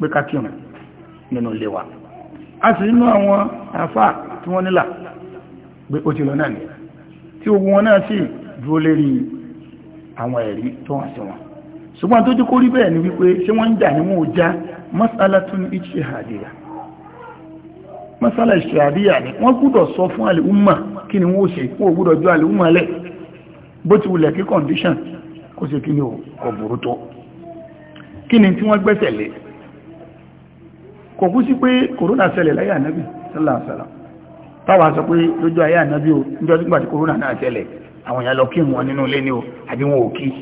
S1: pé kákìrìn nínú ilé wa a sì nínú àwọn àfà tí wọ́n nílà pé ó ti lọ náà ní tí ogun wọn náà sì dúró lérí àwọn ẹ̀rí tó wọ́n sí wọn ṣùgbọ́n tó jẹ́ kó rí bẹ́ẹ̀ ni wípé ṣé wọ́n ń jà ní wọn já masala tún ìṣèhàdìyà masala ìṣèhàdìyà ni wọ́n gbúdọ̀ sọ fún umma kí ni wọ́n ṣe wọ́n gbúdọ̀ jọ àlèúmà lẹ̀ bó ti wulẹ̀ kí condition kó ṣe kí ni ò kò burú tó kí ni tí wọ́n gbẹ́sẹ̀ lé kò kú sí pé kòrónà ṣẹlẹ̀ láyé ànábì sálàsálà táwa sọ pé lójú ayé ànábì o níjọ́ nígbà tí kòrónà náà ṣẹlẹ̀ àwọn èèyàn lọ kí wọn nínú ilé ni o àbí wọn ò kí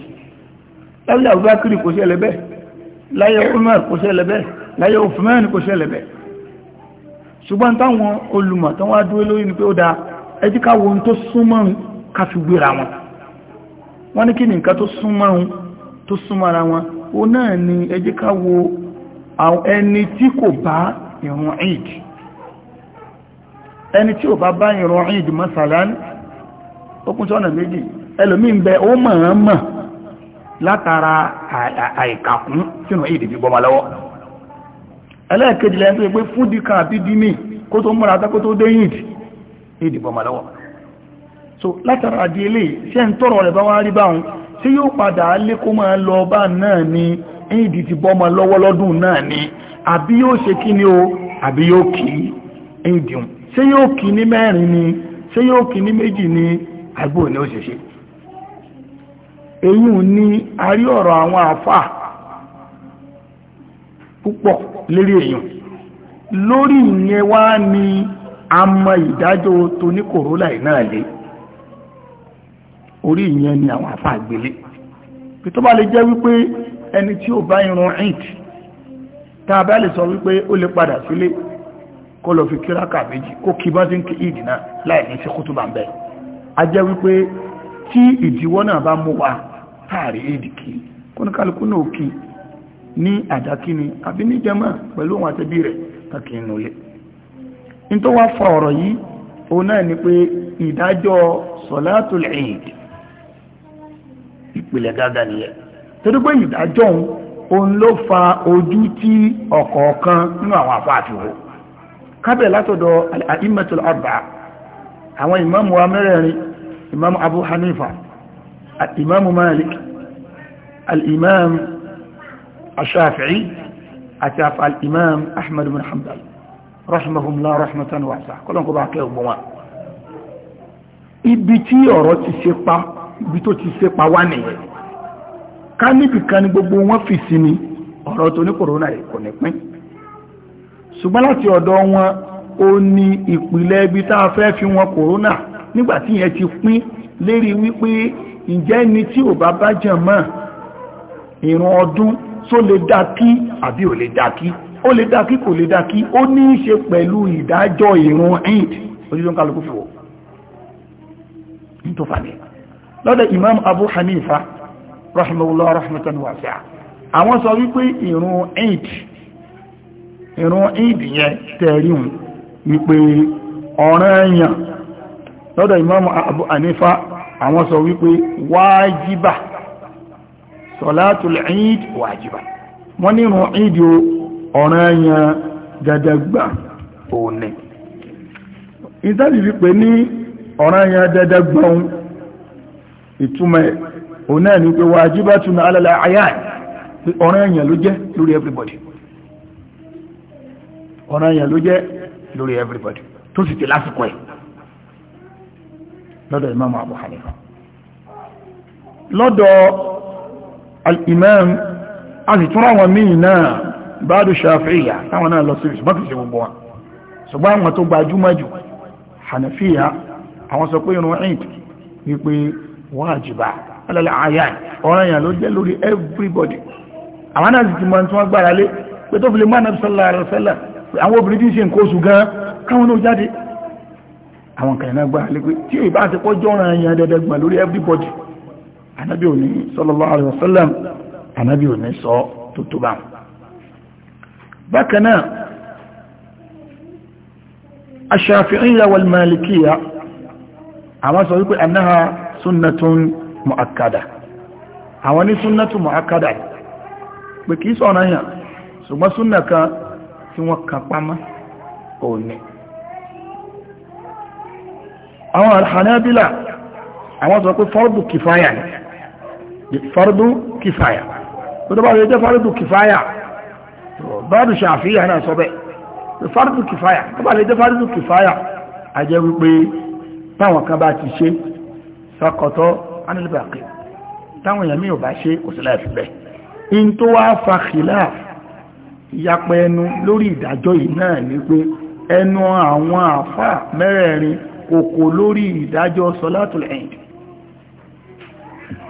S1: láyé Abubakar kò ṣẹlẹ̀ bẹ́ẹ̀ láyé Umar kò ṣẹlẹ̀ bẹ́ẹ̀ láyé Uthman kò ṣẹlẹ̀ bẹ́ẹ̀ ṣùgbọ́n táwọn olùmọ̀ tán wá dúró lórí ni pé ẹni tí kò bá ìrun eid ẹni tí ò bá bá ìrun eid masalan ó kún sọ́nà méjì ẹlòmí ń bẹ ó mọ̀ọ́mọ̀ látara àìkàkún sínú eid fi bọ́ lọ́wọ́ ẹlẹ́ẹ̀kejì lẹ́yìn tó so látara àdí eléyìí ṣé ń tọrọ rẹ̀ bá wá rí báwọn tí yóò padà lékó máa lọ bá náà ni ìdí ti bọ́ ọmọ lọ́wọ́ lọ́dún náà ni àbí yóò ṣe kí ni o àbí yóò kí ìdí un ṣé yóò kí ní mẹ́rin ni ṣe yóò kí ní méjì ni àgbò ní ó ṣe ṣe èyí ni a rí ọ̀rọ̀ àwọn àfà púpọ̀ lérí èyàn lórí ìyẹn wá ni a mọ ìdájọ́ tó ní kòrólà náà lé orí ìyẹn ni àwọn àfà gbélé pé tó bá lè jẹ́ wípé ẹni tí ó bá irun int lè sọ wípé ó lè padà sílé kó lọ fi kíráka méjì kó kí bá ti ń kí ìdì náà láì ń a jẹ́ wípé tí ìdíwọ́ náà bá mú wa táàrí ìdì kí kóníkálukú náà kí ní àdákíní àbí ní jẹmọ́ pẹ̀lú òun àtẹ́bí torí pé ìdájọ́ òun òun ló fa ojú tí ọ̀kọ̀ọ̀kan nínú àwọn àfáàfihàn kábẹ̀ látọ̀dọ̀ al-a'immatul arba'a àwọn ìmáàmù wa mẹ́rẹ̀ẹ̀rin ìmáàmù abu hanifa al-imáàmù malik al-imáàmù ash-shafi'i àti al-imáàmù ahmad bin hanbal rahimahumullah rahmatan wasa kọlọ́nkọ́ ká níbì ní gbogbo wọn fi sí ni ọ̀rọ̀ tó ní kòrónà kò ní pín ṣùgbọ́n láti wọn ó ní ìpìlẹ̀ ibi tá a fẹ́ fi wọn kòrónà nígbàtí yẹn ti pín lérí wípé ǹjẹ́ ni tí ò bá bá jẹ̀ mọ́ ọdụ ọdún tó lè dá kí àbí ò lè dá kí ó lè dá kí kò lè dá kí ó ní í ṣe pẹ̀lú ìdájọ́ eid Imam Abu Hanifa rahimahullah rahmatan wasi'a àwọn sọ wípé ìrun eid ìrun eid yẹn tẹ̀ríun wípé ọ̀ranyàn lọ́dọ̀ imamu abu anifa àwọn sọ wípé wájíbà sọ̀látùl eid wájíbà wọ́n nínú eid ọ̀ranyàn dẹ̀dẹ̀gbà òní ìtàbí wípé ní ọ̀ranyàn dẹ̀dẹ̀gbà òun òun náà ni pé wajibatun ala al-a'yan ọ̀ràn èèyàn everybody ọ̀ràn èèyàn ló jẹ́ lórí everybody tó sì ti lásìkò ẹ̀ lọ́dọ̀ imam Abu Hanifa lọ́dọ̀ al-imam a sì tún ráwọn míì náà báàdù ṣàfíìyà táwọn náà lọ sí ṣùgbọ́n kìí ṣe gbogbo wọn ṣùgbọ́n àwọn tó gbajúmọ̀ jù hanafiya àwọn sọ pé irun eid wípé wájibà alẹ́lẹ́ àyà ọ̀rọ̀ yàn ló jẹ́ lórí everybody àwọn náà sì ti mọ̀ tí wọ́n gbára lé pé tó fi lè mọ́nà sallallahu alaihi wasallam àwọn obìnrin tí ń ṣe nǹkan oṣù gan káwọn náà jáde àwọn kan náà gbára lé pé tí ìbá ti pọ́jọ́ ọ̀rọ̀ yàn dẹ́dẹ́ gbà lórí everybody anábì òní sallallahu alaihi wasallam anábì òní sọ tó tó bá bákan náà aṣàfihàn wal malikiyya àwọn sọ wípé annaha sunnatun mu'akkada àwọn ní súnnàtù mu'akkada pé kìí sọ̀rọ̀ yàn ṣùgbọ́n súnnà kan tí wọ́n kà pamọ́ òní àwọn alhanabila àwọn sọ pé fardu kìfáyà ni fardu kìfáyà tó tó bá rẹ̀ jẹ́ fardu kìfáyà báàdù ṣàfihàn náà sọ bẹ́ẹ̀ fardu kìfáyà tó bá rẹ̀ jẹ́ fardu kìfáyà anilbaqi táwọn èèyàn mi ò bá ṣe kò sí láìfi bẹ́ẹ̀ in tó wá fa khilaf ìyapa ẹnu lórí ìdájọ́ yìí náà ni pé ẹnu àwọn àfà mẹ́rẹ̀ẹ̀rin kòkò lórí ìdájọ́ sọlátùl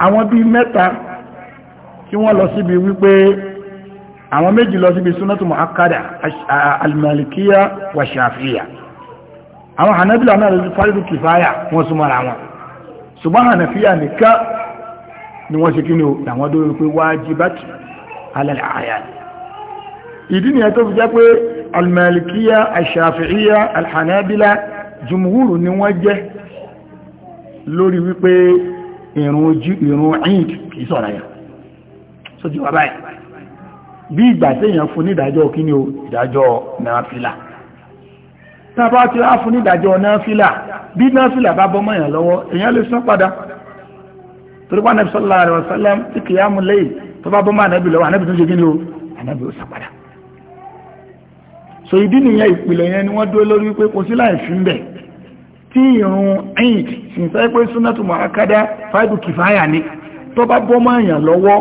S1: àwọn bíi mẹ́ta tí wọ́n lọ síbi wípé àwọn méjì lọ síbi súnátù mu'akkada almalikiya wa shafiya àwọn hanabila náà lọ sí fárídù kìfáyà wọ́n súnmọ́ra wọn ṣùgbọ́n hànàfíà nìkan ni wọ́n ṣe kí ni o làwọn dórí pé wájibátì alẹ́lẹ́ àyà ìdí nìyẹn tó fi jẹ́ pé almalikiya ashafi'iya alhanabila jùmúhùrù ni wọ́n jẹ́ lórí wípé ìrun eid kì í sọ̀rọ̀ yà sójú wa báyìí bí ìgbà tàbá ti á fún nídàjọ́ náfílà bí náfílà bá bọ́ mọ́yàn lọ́wọ́ èyàn lè sán padà torípa nẹ́bí sallallahu alaihi wasallam tí kìí á mú lẹ́yìn tó bá bọ́ mọ́ ànẹ́bí lọ́wọ́ ànẹ́bí tó ṣe gíní o ànẹ́bí ó sán padà so ìdí nìyẹn ìpìlẹ̀ yẹn ni wọ́n dúró lórí pé kò sí láì fi ń bẹ̀ tí ìrun eid ni tó bá bọ́ mọ́yàn lọ́wọ́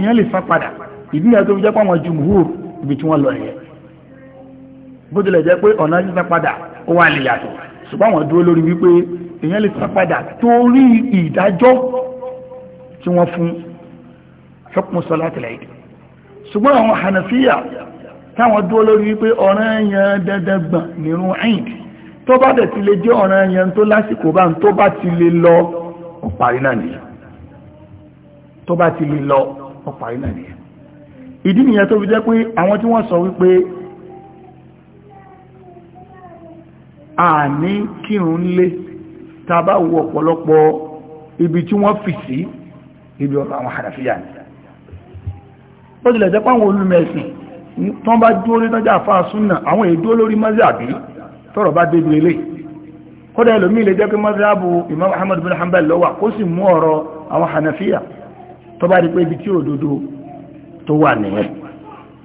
S1: èyàn lè sán padà ìdí nìyẹn tó bó tilẹ̀ jẹ́ pé ọ̀nà sísan padà ó wà lè yàtọ̀ ṣùgbọ́n àwọn dúró lórí wípé èèyàn lè san padà torí ìdájọ́ tí wọ́n fún hukmu salatil Eid ṣùgbọ́n àwọn hanafiya táwọn dúró lórí wípé ọ̀ràn yẹn dandan gbọ̀n nírun Eid tó bá dẹ̀ ti lè jẹ́ ọ̀ràn yẹn tó lásìkò bá ń tó bá ti lè lọ ọ̀parí náà nìyẹn ìdí nìyẹn tó fi jẹ́ pé àwọn tí wọ́n sọ wípé àní kírun lé tàbá wo ọ̀pọ̀lọpọ̀ ibi tí wọ́n fi sí ibi ọ̀rọ̀ àwọn àràfíà ní ó tilẹ̀ jẹ́ páwọn olùmẹ̀sìn tán bá dúó lórí tọ́jà àfáà súnà àwọn èdó lórí mọ́sàbí tọ́rọ̀ bá débi ilé kódà ẹlòmí ilé jẹ́ pé mọ́sàbù Imam Ahmad bin Hanbal lọ́wà kó sì mú ọ̀rọ̀ àwọn hanafiya tó bá rí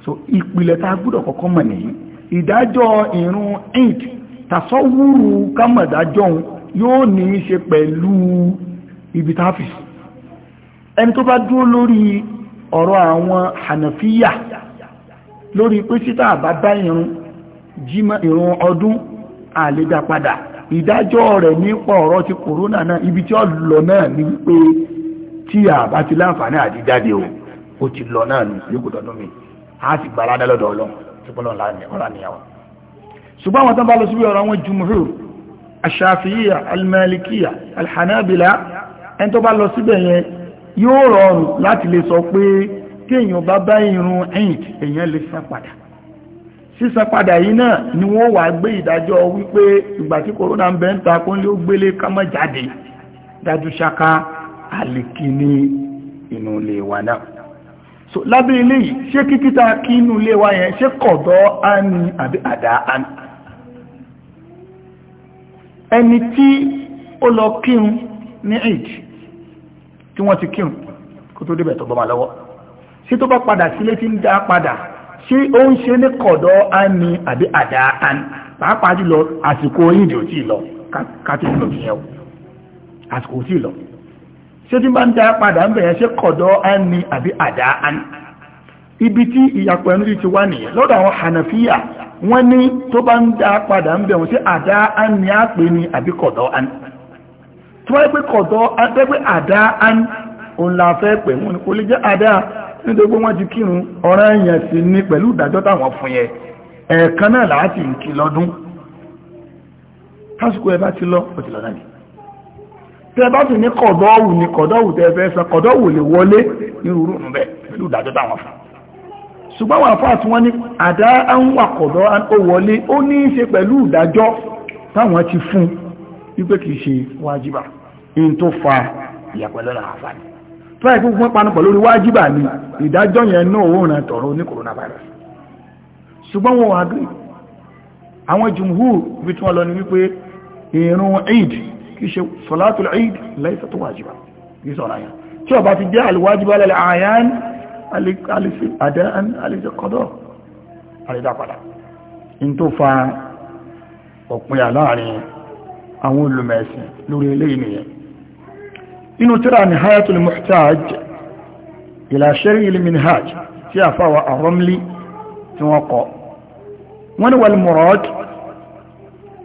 S1: so ìpìlẹ̀ tá a gbọ́dọ̀ kọ́kọ́ mọ̀ nìyí ìdájọ́ tàṣọ́wúrú kámọ̀dájọ́ yóò ní í ṣe pẹ̀lú ibi táfìsì ẹni tó bá dúró lórí ọ̀rọ̀ àwọn hànàfíyà lórí pé síta àbábá ìrun jímọ̀ ìrun ọdún àlédá padà ìdájọ́ rẹ̀ nípa ọ̀rọ̀ ti kòrónà náà ibi tí ó lọ náà ní wípé tí àbá ti láǹfààní àdíjáde o ó ti lọ náà nù yóò kò dọ́dún mi a sì gbàládá lọ́dọ̀ ọlọ́run tí pọ́lọ́ ńlá ní ọ̀rá ṣùgbọ́n àwọn tán bá lọ síbí ọ̀rọ̀ àwọn jùmùhùr aṣàfihíyà almalikiyya alhanabila ẹni tó bá lọ síbẹ̀ yẹn yóò rọrùn láti lè sọ pé kéèyàn bá bá irun ẹ̀yìn èèyàn lè san padà sísan padà yìí náà ni wọ́n wà gbé ìdájọ́ wípé ìgbà tí corona ń bẹ ń ta kún lé ó gbélé ká jáde dájú ṣáká àlèkí ní inú ilé wa náà so lábẹ́ ilé yìí ṣé kíkítà kí inú ilé wa yẹn ṣé kọ̀dọ̀ á ní àbí àdá á ní ẹni tí ó lọ kírun ní eid tí wọ́n ti kírun kó tó débẹ̀ tó bọ́mà lọ́wọ́ sí tó bá padà sílé tí ń dá padà ṣé ó ń ṣe ní kọ̀dọ̀ á ní àbí àdá á ní pàápàá jùlọ àsìkò yìí dì ó tí ì lọ kátó ìlọ nìyẹn o àsìkò tí lọ ṣé tí bá ń dá padà ń bẹ̀yẹn ṣé kọ̀dọ̀ á àbí àdá á ibi tí ìyàpọ̀ ẹnu ti wá nìyẹn lọ́dọ̀ àwọn hànàfíyà wọ́n ní tó bá ń dá padà ń bẹ̀ sí àdá án ni á pè ní àbí kọ̀dọ̀ án tí wọ́n pẹ́ kọ̀dọ̀ án pẹ́ pé àdá án òun la fẹ́ pẹ̀ wọ́n kò lè jẹ́ àdá nítorí pé wọ́n ti kírun ọ̀rọ̀ èèyàn sí ní pẹ̀lú ìdájọ́ táwọn fún yẹ ẹ̀ẹ̀kan náà láti ń kí lọ́dún tásìkò ẹ bá ti lọ ni tẹ bá sì ní ṣùgbọ́n wà fún àtúnwọ́n ní àdá ń wà kọ̀dọ̀ ó wọlé ó ní í ṣe pẹ̀lú ìdájọ́ táwọn ti fún wípé kìí ṣe wájíbà in tó fa
S2: ìyàpẹ̀lẹ́ àfààní
S1: ni coronavirus ṣùgbọ́n wọn wà gírí àwọn jùmhù bí tí wọ́n lọ ní wípé ìrun eid kìí ṣe sọ̀látùl eid lẹ́sẹ̀ tó wájíbà kìí sọ̀rọ̀ alìsí àdáhán alìsí kọ́dọ̀ àrídápadà in tó fa ọ̀pìnyà láàrin àwọn olùmẹ̀ẹ̀sìn lórí eléyìí nìyẹn inú tíra ni hayatul muhtaj ila sharh al-minhaj tí a fáwà ar-Ramli tí wọ́n kọ wọ́n ni wal murad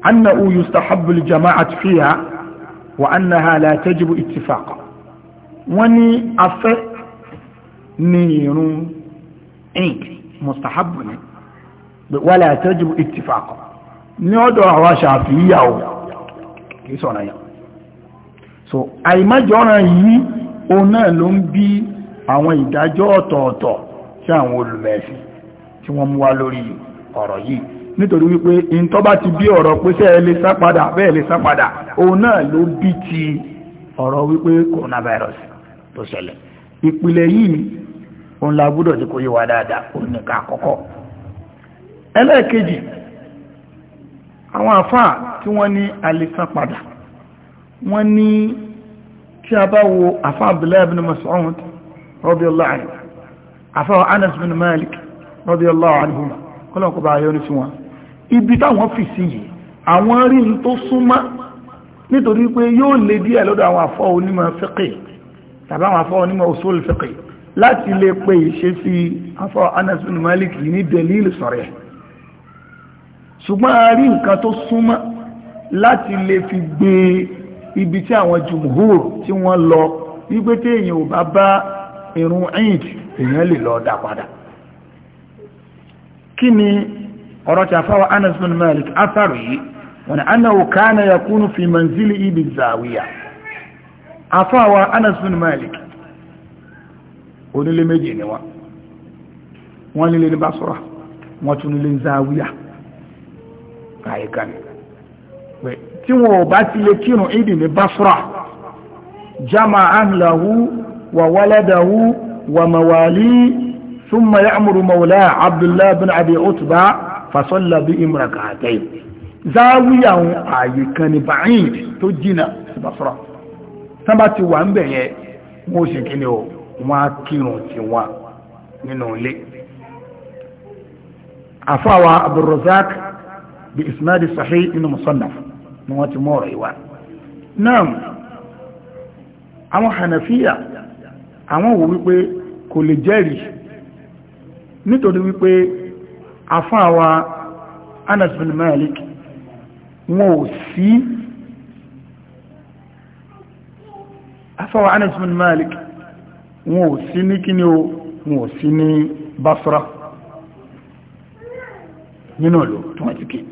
S1: annahu yustahabbu al-jama'atu wa annaha la tajibu ittifaqa wọ́n afẹ́ ni irun ink mustahabu ni wala tajibu ittifaq ní ọ̀dọ̀ àwọn ṣàfihàn kìí sọ̀rọ̀ yà so àìmájọ́ràn yìí o náà ló ń bí àwọn ìdájọ́ ọ̀tọ̀ọ̀tọ̀ tí àwọn olùmẹ̀ẹ̀sì tí wọ́n mú wá lórí ọ̀rọ̀ yìí nítorí wípé ìntọ́ ti bí ọ̀rọ̀ pé ṣé ẹ lè sá bẹ́ẹ̀ lè sá o náà ló bí ti ọ̀rọ̀ wípé coronavirus tó ṣẹlẹ̀ ìpìlẹ̀ yìí òun la gbọ́dọ̀ ti kó yé wa dáadáa òun nìkan àkọ́kọ́ ẹlẹ́ẹ̀kejì àwọn àfáà tí wọ́n ní alisan padà wọ́n ní tí a bá wo àfáà Abdullahi bin Mas'ud àfáà Anas bin Malik radiyallahu kọ́lọ̀ ibi fi le tàbí àwọn afọ́ onímọ̀ usul fiqh láti lè pé ìṣe sí afọ́ Anas bin Malik ní delil sọ̀rẹ̀ ṣùgbọ́n a rí nǹkan tó súnmọ́ láti lè fi gbé ibi tí àwọn jùmhur tí wọ́n lọ wípé tí èyàn ò bá bá irun eid èyàn lè lọ dá padà kí ni ọ̀rọ̀ tí afọ́ Anas Malik atharu yìí wọ́n ni annahu kana yakunu fi manzili ibi zawiya afáwa Anas bin Malik onílé méjì ni wọ́n wọ́n nílé ní Basra wọ́n tún nílé ní Zawiya àyíkani tí wọ́n ò bá ti lè kírun ìdì ní Basra jama ahlahu wa waladahu wa mawali thumma ya'muru mawla Abdullah bin Abi Utba fa salla bi imrakatayn Zawiya àyíkani ba'id tó jìnà sí Basra tán bá ti wà ń bẹ̀ yẹn wọ́n ṣe kí ni o wọ́n á kírun ti wọn nínú ilé àfáwà abdulrazak bí isnadi sahih nínú musannaf ni wọ́n ti mọ́ọ̀rọ̀ ìwà náà àwọn hanafiya àwọn wò wípé kò lè jẹ́rìí nítorí wípé àfáwà anas bin malik wọn ò sí fọwọ́ Anas bin Malik wọn ò sí ní kíní o wọn ò sí ní Basra nínú ìlú tí wọ́n ti kí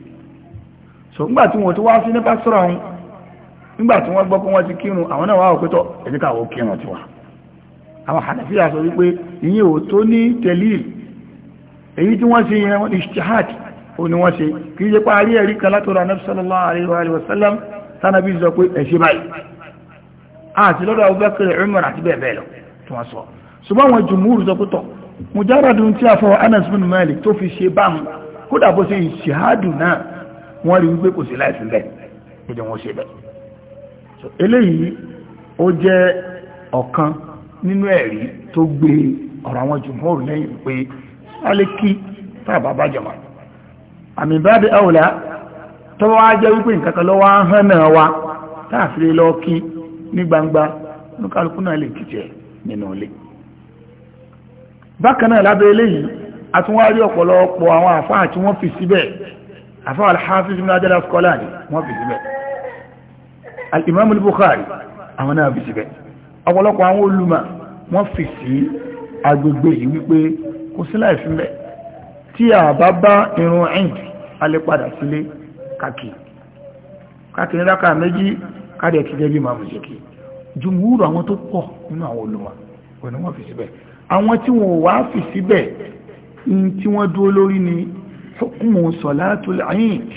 S1: so ńgbà tí wọ́n ti wá sí ní Basra wọn nígbà tí wọ́n gbọ́ pé wọ́n ti kírun àwọn náà wá òpétọ́ ẹ̀díkà ó kírun ti wà àwọn Hanafiya sọ wípé ìyẹn ò tó ní tẹ̀líl èyí tí wọ́n kí àti lọ́dọ̀ Abubakar Umar àti bẹ́ẹ̀ bẹ́ẹ̀ lọ tí wọ́n sọ ṣùgbọ́n àwọn jùmúrù sọ pé tọ̀ mujaradun tí a fọ Anas bin Malik tó fi ṣe bámu kódà bó ṣe ìṣèhádù náà wọ́n rí wípé kò sí láìsí bẹ́ẹ̀ gbogbo wọn ṣe bẹ́ẹ̀ eléyìí ó jẹ́ ọ̀kan tọ́wọ́ á jẹ́ wípé nǹkan lọ́wọ́ á hàn náà wa táàfin lọ́ọ́ kí ní gbangba oníkálukú náà lè jíjẹ nínú ilé bákan náà lábẹ́ eléyìí a tún wá rí ọ̀pọ̀lọpọ̀ àwọn àfáà tí wọ́n fi síbẹ̀ àfáà al-Hafiz ibn Hajar al-Asqalani wọ́n fi síbẹ̀ al-Imam al-Bukhari àwọn náà fi síbẹ̀ ọ̀pọ̀lọpọ̀ àwọn olùmọ̀ káàdì ẹ̀kẹ́gẹ́ bí màmù ṣe kí jùmúrù àwọn tó pọ̀ nínú àwọn olùmọ̀ wọn ni wọ́n fi síbẹ̀ àwọn tí wọn ò wá fi síbẹ̀ ní tí wọ́n dúró lórí ni hukmu salatul eid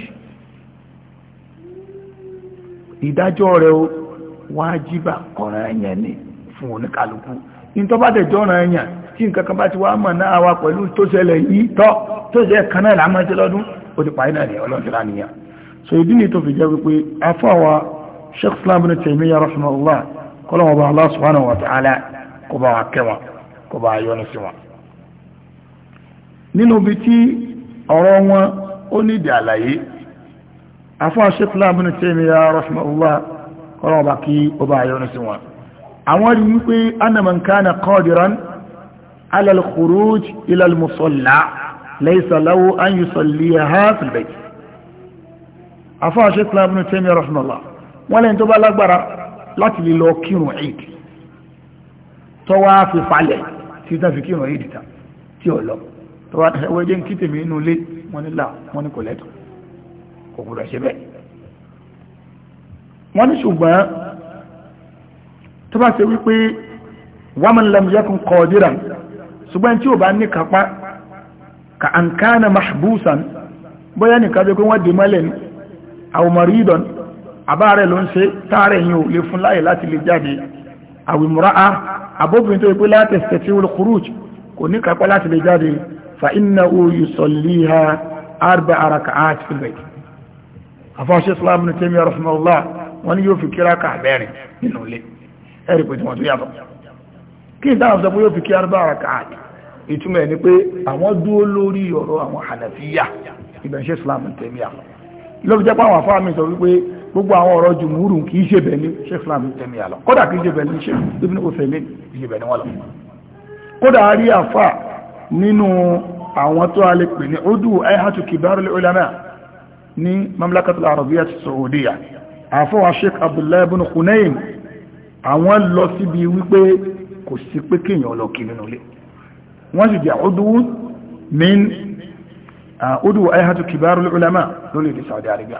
S1: ìdájọ́ rẹ̀ wájíbà ọ̀ràn yẹn ni fún oníkálukú ìtọ́ bá dẹ̀ jọ́ràn ẹ̀yàn tí nǹkan kan bá ti wá so ìdí ni tó fi sheikh islam bin taymiya rahimahullah kọ́lọ̀ wọn bá allah subhanahu wa ta'ala kó bá wa kẹwa kó bá yọ ní sí wa nínú bí tí ọ̀rọ̀ wọn ó nídìí àlàyé afọ́n sheikh islam bin taymiya rahimahullah kọ́lọ̀ wọn bá kí ó bá yọ ní sí wa àwọn rí wípé anaman kana qadiran ala al-khuruj ila al-musalla laysa lahu an yusalliha fi al-bayt afọ́n sheikh islam bin taymiya rahimahullah wọ́n lẹ́ni tó bá lágbára láti lè lọ kírun eid tó wá fi falẹ̀ tí tán fi kírun eid ta tí ò lọ tó wá ẹwọ́ jẹ́ kí tèmi inú ilé wọ́n ní là wọ́n ní kò lẹ́tọ̀ kò gbọdọ̀ ṣe bẹ́ẹ̀ wọ́n ní ṣùgbọ́n tó bá ṣe wípé wa man lam yakun qadiran ṣùgbọ́n tí ò bá ní kápá ka an kana mahbusan bóyá nìkan bí wọ́n dì mọ́lẹ̀ ni àwọn maridan àbá rẹ̀ ló ń ṣe táàrẹ̀ yìí ò lè fún láyè láti lè jáde àwìmúra á àbóbìnrin tó yẹ pé láti ẹ̀sẹ̀ tí ó lè kúrúj kò ní kápá láti lè jáde fa iná oyù sọ̀líha arba araka àti filbẹ̀ àfọ́ṣẹ́ islam ní tẹ́mi arasmọ́lá wọ́n ni yóò fi kíra ká bẹ́rin nínú ilé ẹ̀rì pé tiwọn tó yàtọ̀ kí ìdáhà sọ pé yóò fi kí arba araka àti ìtumọ̀ ni pé àwọn dúó lórí ọ̀rọ̀ àwọn hànàfíyà ìbẹ̀ṣẹ́ islam ní tẹ́mi àfọ́ lọ́bi jẹ́ pé àfọ́ àmì sọ wípé gbogbo àwọn ọ̀rọ̀ jùmúrù kì í ṣe bẹ̀ni sheikh islam tẹ̀mí àlọ́ kódà kì í ṣe bẹ̀ni sheikh ibn Uthaymeen kì í ṣe bẹ̀ni wọ́n lọ kódà rí àfà nínú àwọn tó a lè pè ní udu aihatu kibarul ulama ní mamlakatul arabiya ti saudiya àfọwà sheikh abdullahi ibn Khunaym uh, lórí ìdí saudi arabia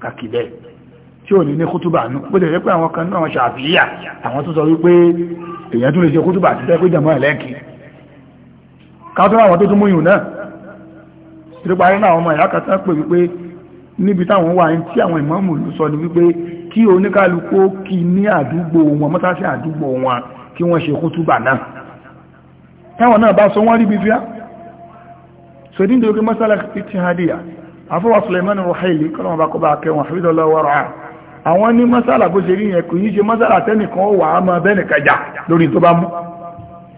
S1: kàkì bẹ́ẹ̀ tí ò ní ní kútùbà nú bó tẹ̀lé pé àwọn kan náà wọn ṣàfihà àwọn tó sọ wípé èèyàn tún lè ṣe kútùbà àti tẹ́kọ́ ìjàmọ́ ẹ̀lẹ́kì káàtọ́ àwọn tó tún mú ìhùn náà ìrúpa rí náà ọmọ ìyá kàtà pé wípé níbi táwọn wà ní tí àwọn ìmọ̀mù ló sọ ní wípé kí oníkálukú kí ní àdúgbò wọn mọ́tàṣí àdúgbò wọn kí wọ́n ṣe kútùbà náà táwọn náà bá sọ wọ́n rí bí fíà sọ ní ìdókè mọ́sálà ti hadiya afọ́wà Suleiman Ruhaili kọ́nà ọba kọba akẹwọn àfíìdọ́lọ́ wọ́rọ̀ àwọn ní mọ́sálà bó ṣe rí yẹn kò yí ṣe mọ́sálà tẹ́nìkan wà á máa bẹ́ẹ̀ nìkajà lórí tó bá mú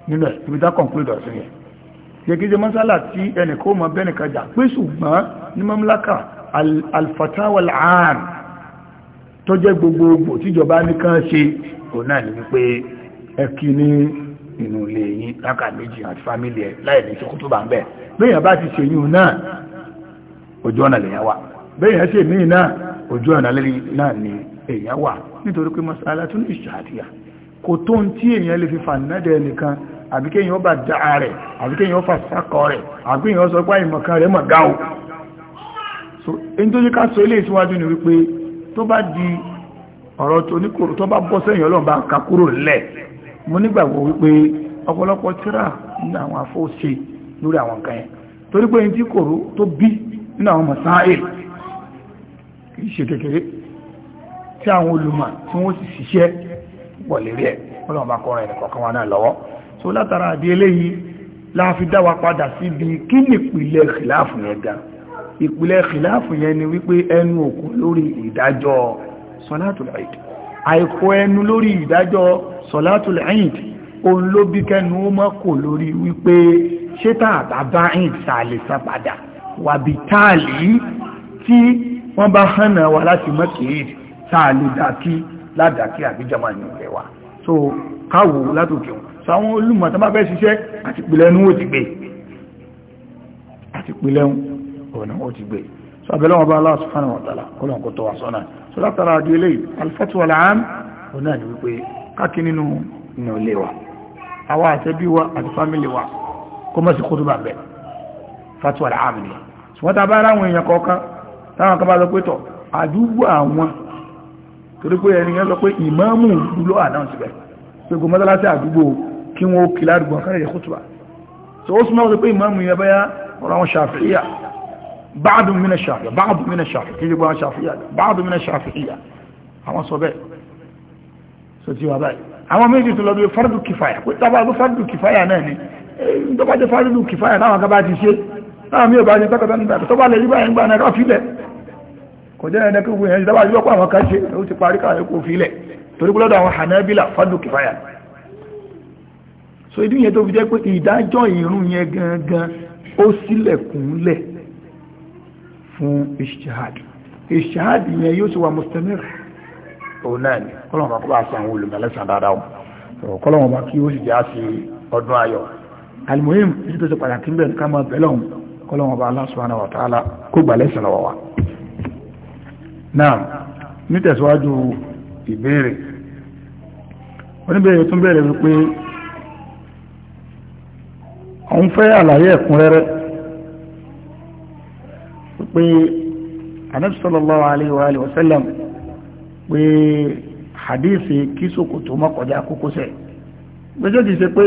S1: nínú ẹ̀ ibi tá conclude ọ̀sìn yẹn yẹ kí ṣe mọ́sálà tí ẹnìkan ó máa bẹ́ẹ̀ nìkajà pé ṣùgbọ́n ní mamlaka alfatawal an tó jẹ́ gbogbogbò tíjọba ojú ọ̀nà lèyàn wà bẹ́ẹ̀ yẹn ní iná ojú ọ̀nà lẹ́yìn náà ni èyàn wà nítorí pé masala tún ìṣàdíyà kò tó ń tí èyàn lè fi fànádẹ́ nìkan àbíkẹ́yìn ọba dáa rẹ̀ àbíkẹ́yìn ọfà rẹ̀ àbíkẹ́yìn ọsọ pé àìmọ̀kan rẹ̀ so tó ká ilé ni wípé tó bá di ọ̀rọ̀ tó tó bá bọ́ kúrò lẹ̀ mo nígbàgbọ́ wípé ọ̀pọ̀lọpọ̀ tíra ní àwọn lórí àwọn nǹkan yẹn torí pé nínú àwọn masáìl kìí ṣe kékeré tí àwọn olùmọ̀ tí wọ́n sì ṣiṣẹ́ wọ̀ lérí ẹ̀ ọlọ́run bá kọ́ ẹ̀rẹ̀ kọ̀ọ̀kan wa náà lọ́wọ́ so látara àbí eléyìí láàfi dá wa padà síbi kí ni ìpìlẹ̀ kìláàfù yẹn gan ìpìlẹ̀ kìláàfù yẹn ni wípé ẹnu òkú lórí ìdájọ́ sọlátùl Eid àìkọ ẹnu lórí ìdájọ́ sọlátùl Eid òun ló bí kẹnu ó mọ́kò lórí wípé ṣé tààtà bá Eid sàlẹ̀ sá padà wàbí táàlì tí wọ́n bá hànà wa láti mọ́kèé táàlì dákí ládàkí àbíjàmà nílẹ̀ wa so káwò látòkè wọn so àwọn olùmọ̀ tó bá fẹ́ ṣiṣẹ́ àti pìlẹ̀nú ó ti gbé àti pìlẹ̀nú ọ̀nà ó ti gbé so abẹ́lẹ́wọ̀n bá Allah subhanahu wa ta'ala kọ́lọ̀n kò tọ́ wa sọ́nà so látara adé fatwa al ni ṣùgbọ́n ta bá ráwọn èèyàn kọ̀ọ̀kan táwọn kan bá sọ pé tọ̀ àdúgbò àwọn torí pé ẹni yẹn sọ pé ìmáàmù ló àdáhùn síbẹ̀ pé gbogbo mọ́tálásí àdúgbò kí wọ́n kí ládùgbò kan so ó súnmọ́ pé ìmáàmù yẹn báyá ọ̀rọ̀ àwọn ṣàfihà báàdùn mí ṣàfihà báàdùn mí ṣàfihà kí gbogbo àwọn ṣàfihà báàdùn so ti wà báyìí àwọn méjì fardu kìfàyà pé tábà bí fardu kìfàyà náà ni ìjọba eh, jẹ fardu kìfàyà náà wọn ká ti ṣe náà mi ò bá ṣe tọ́kọ̀tọ́ nígbà tó bá lè rí báyìí gbà náà fílẹ̀ kò jẹ́ ẹ̀dẹ́ kí wọ́n ìjọba yóò pàwọn kan ṣe ó ti parí káàkiri kò fílẹ̀ torí gbọ́dọ̀ àwọn hanabila fadlu kifaya so ìdí yẹn tó fi jẹ́ pé ìdájọ́ ìrun yẹn gangan ó sílẹ̀kùnlẹ̀ fún ishtihad ishtihad yẹn yóò ṣe wà mustamir ni kọ́lọ̀mọ̀ kó bá sọ àwọn olùmọ̀lẹ́sàn dáadáa wọn kọ́lọ̀mọ̀ kí ó sì jẹ́ àti ọdún ayọ̀ alimoyim ìdí tó ṣe pàtàkì kọ́lọ́wọ́n bá Allah subhanahu wa ta'ala kó gbà lẹ́sìn lọ́wọ́ wa. náà nítẹ̀síwájú ìbéèrè oníbẹ̀rẹ̀ tún bẹ̀rẹ̀ wípé òun fẹ́ àlàyé ẹ̀kúnrẹ́rẹ́ pé Ànábì sallallahu alaihi wa pé hadithi kí sòkòtò má kọjá kókósẹ̀ gbẹ́jọ́ ti ṣe pé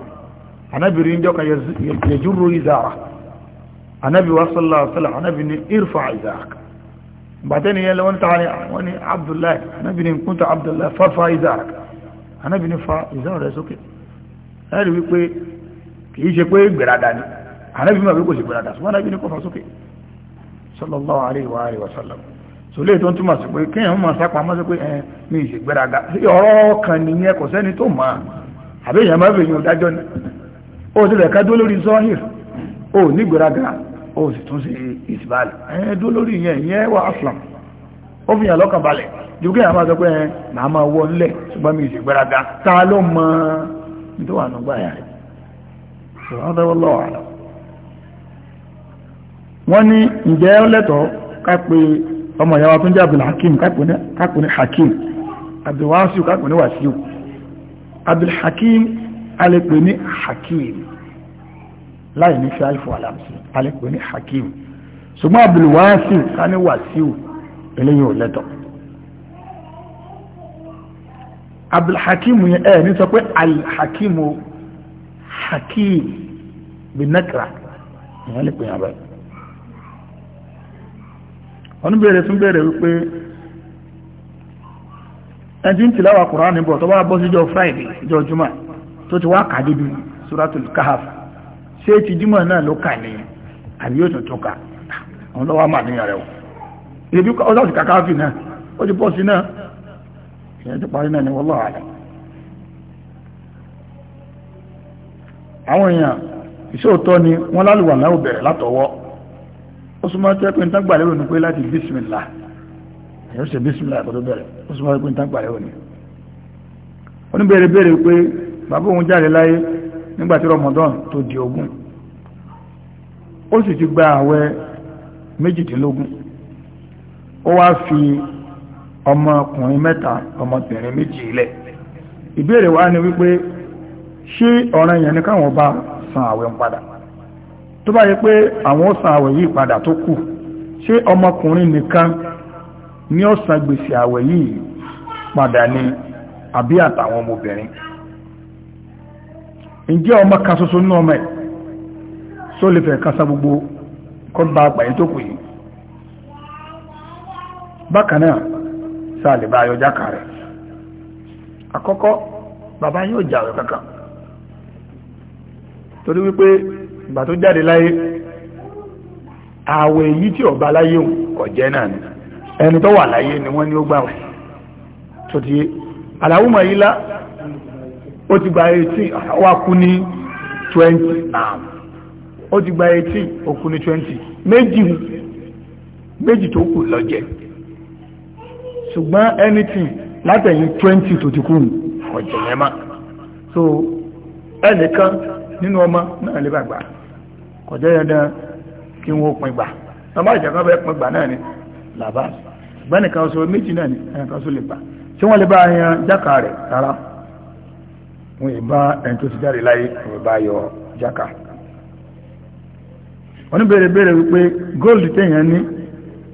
S1: anábìrin jọ́ka yẹjúrò ìzára anábì wa sallallahu alaihi wasallam anábì ni irfa ìzáka bàtẹ́ ni yẹn lọ́wọ́n tààrí wọ́n ni abdullahi anábì ni kúnta abdullahi fafa ìzáka anábì ni fa ìzára rẹ̀ sókè ẹ̀rí wípé kìí ṣe pé gbèrada ni anábì máa wípé kò sí gbèrada ṣùgbọ́n anábì ni kò fa sókè sallallahu alaihi wa alihi wasallam so léè tó ń túmọ̀ sí pé kéèyàn máa sápa mọ́ sí pé ẹ mi ìṣègbéraga ọ̀rọ̀ kan nìyẹn kò sẹ́ni tó máa àbẹ́yàn má bèèyàn dájọ́ ni ó ti rẹ̀ká dó lórí zọ́hìr ó ní gbéraga ó sì tún sí ìsìbálẹ̀ ẹ̀yẹn dó lórí yẹn yẹn wà aslam ó fi hàn lọ́kàn balẹ̀ jùkú yàrá máa ẹ̀ màá máa wọ nílẹ̀ ṣùgbọ́n mi ìsìn ta ló wà yà tó ń jẹ́ Hakim Hakim a lè pè ní hakim láì ní fi alifu alamsi a lè pè ní hakim ṣùgbọ́n abdulwasi ká ní wasiu eléyìí ò lẹ́tọ̀ abdulhakim yẹn ẹ̀ ní sọ pé alhakim o hakim binakra ìyẹn lè pè yàn báyìí wọ́n bèèrè tún bèèrè wípé ẹni tìláwà kùránì bọ̀ tó bá friday ìjọ́ jumaa tó ti wá kà débi suratul kahf ṣé ti jímọ̀ náà ló kà ní àbí yóò tuntun kà àwọn lọ́wọ́ máa níyàn rẹ̀ o ìdí ọjọ́ ti náà ó ti bọ́ sí náà ìyẹn ti parí náà ni wọ́n lọ́wọ́ àlẹ́ àwọn èèyàn ni wọ́n lálùwà náà ò bẹ̀rẹ̀ látọwọ́ ó súnmọ́ tí ẹkùn tán gbàlẹ́ òní pé láti bàbá òun jáde láyé nígbàtí Ramadan tó di ogún ó sì ti gba àwẹ̀ méjìdínlógún ó wá fi ọmọkùnrin mẹ́ta ọmọbìnrin méjì ilẹ̀ ìbéèrè wa ni wípé ṣé ọ̀ràn yẹn ni káwọn bá san àwẹ̀ ń padà tó bá yẹ pé àwọn ó san àwẹ̀ yìí padà tó kù ṣé ọmọkùnrin nìkan ni ó san gbèsè àwẹ̀ yìí padà ni àbí àtàwọn ọmọbìnrin ǹjẹ́ ọmọ kan ṣoṣo nínú ọmọ ẹ̀ só lè fẹ́ kásá gbogbo kọ́ bá àgbáyé tó kù yìí bákan náà sáà lè bá ayọjá kà rẹ̀ àkọ́kọ́ bàbá yóò jà ọ̀rọ̀ kankan torí wípé ìgbà tó jáde láyé ààwẹ̀ èyí tí ọba láyé ọ̀jẹ́ náà ni ẹni tó wà láyé ni wọ́n ní ó gbàwẹ̀ tó ti aláwùmọ̀ yìí lá ó ti gba eighteen wá kú ní twenty now ó ti gba eighteen ó kú ní twenty méjì méjì tó kù lọ́jẹ́ ṣùgbọ́n anything látẹ̀yìn twenty tó ti kú ọ̀jẹ̀ yẹn mà so ẹnìkan nínú ọmọ náà lè bàgbà kọjá yẹn dán kí wọ́n pin gbà bàbá ìjàkan bẹ́ẹ̀ pin gbà náà ni làbá ṣùgbọ́n nìkan sọ méjì náà ni ẹnìkan sọ lè gbà ṣé wọ́n lè bá yan jákàá rẹ̀ rárá wọn ìbá ẹni tó ti jáde láyé wọn ìbá yọ jáka oníbẹ̀rẹ̀ bẹ̀rẹ̀ wípé gold téèyàn ní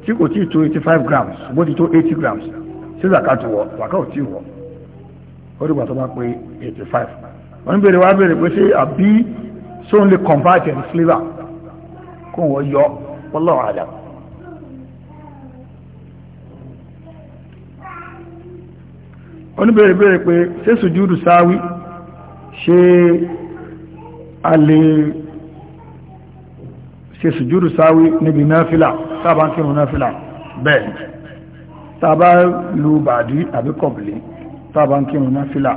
S1: tí kò tí tó 85 grams bó ti tó 80 grams sí zakatu wọ wàkà ò tí wọ ó dìgbà tó bá pé 85 oníbẹ̀rẹ̀ wá bẹ̀rẹ̀ pé ṣé àbí sóun lè convert ẹ̀ flavour kó wọ́n yọ wallahu a'lam oníbẹ̀rẹ̀ bẹ̀rẹ̀ pé ṣé sùjúdù sáwí ṣe a lè ṣe sùjúrù sáwí níbi náfílà tàbá ń kírun náfílà bẹ́ẹ̀ tàbá lu bàdí àbí kọ̀bìlì tàbá ń kírun náfílà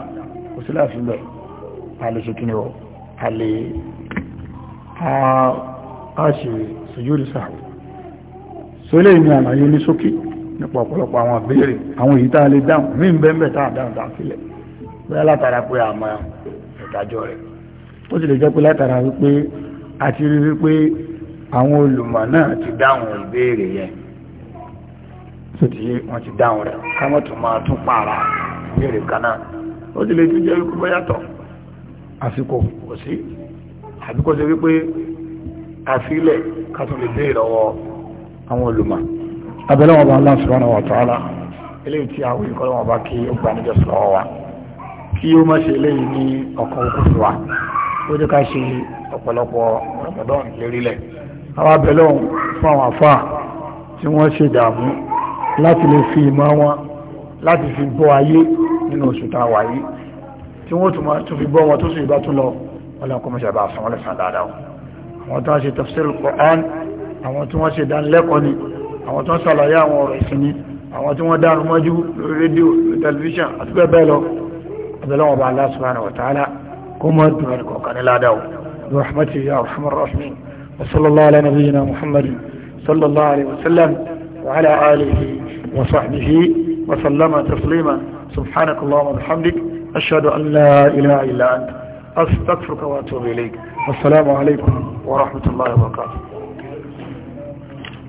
S1: kò sí láti bẹ̀ a lè ṣe kíni wọ́ a lè a ṣe sùjúrù sáwí sólè ní àlàyé ní sókè nípa ọ̀pọ̀lọpọ̀ àwọn àbẹ́rẹ̀ àwọn èyí tá lè dáhùn mí ń bẹ́ẹ̀ bẹ́ẹ̀ tá dáhùn tá a bẹ́ẹ̀ látara pé àmọ́ ìdájọ́ rẹ̀ ó sì lè jẹ́ pé látara wípé àti rí wípé àwọn olùmọ̀ náà ti dáhùn ìbéèrè yẹn tó ti yé wọ́n ti dáhùn rẹ̀ káwọn tún máa tún pààrà ìbéèrè kan náà
S2: ó sì lè tún jẹ́ wípé
S1: bóyátọ̀ àsìkò kò sí àbí kó ṣe wípé àfilẹ̀ ká tún lè béèrè lọ́wọ́ àwọn olùmọ̀ abẹ́lẹ́wọ̀n bá Allah subhanahu wa ta'ala eléyìí tí àwọn ìkọlọ́wọ̀n bá kí ó gbà níjọ́ sọ̀rọ̀ wa kí ó má ṣe lẹ́yìn ní ọkàn òkúta wa ó jẹ́ ká ṣe ọ̀pọ̀lọpọ̀ rọ̀mọ̀dán lérílẹ̀ àwọn abẹ́lẹ̀ ọ̀hún fún àwọn afá tí wọ́n ṣe dààmú láti lè fi ìmọ̀ wọn láti fi bọ́ ayé nínú oṣù tá a wà yìí tí wọ́n tún fi bọ́ wọn tó sì bá tún lọ ọlọ́kọ̀ọ́mọṣẹ́ bá fún wọn lẹ́sàn dáadáa àwọn tó ń ṣe tafsirul Qur'an àwọn tí wọ́n ṣe dánilẹ́kọ̀ọ́ ni àwọn tó ń ṣàlàyé àwọn ọ̀rọ̀ ìsinmi àwọn tí wọ́n dánumọ́jú lórí rédíò lórí tẹlifíṣàn àti bẹ́ẹ̀ bẹ́ẹ̀ lọ بلغوا الله سبحانه وتعالى كم ود منك وكان لا دو برحمته يا أرحم الراحمين وصلى الله على نبينا محمد صلى الله عليه وسلم وعلى آله وصحبه وسلم تسليما سبحانك اللهم وبحمدك أشهد أن لا إله إلا أنت أستغفرك وأتوب إليك والسلام عليكم ورحمة الله وبركاته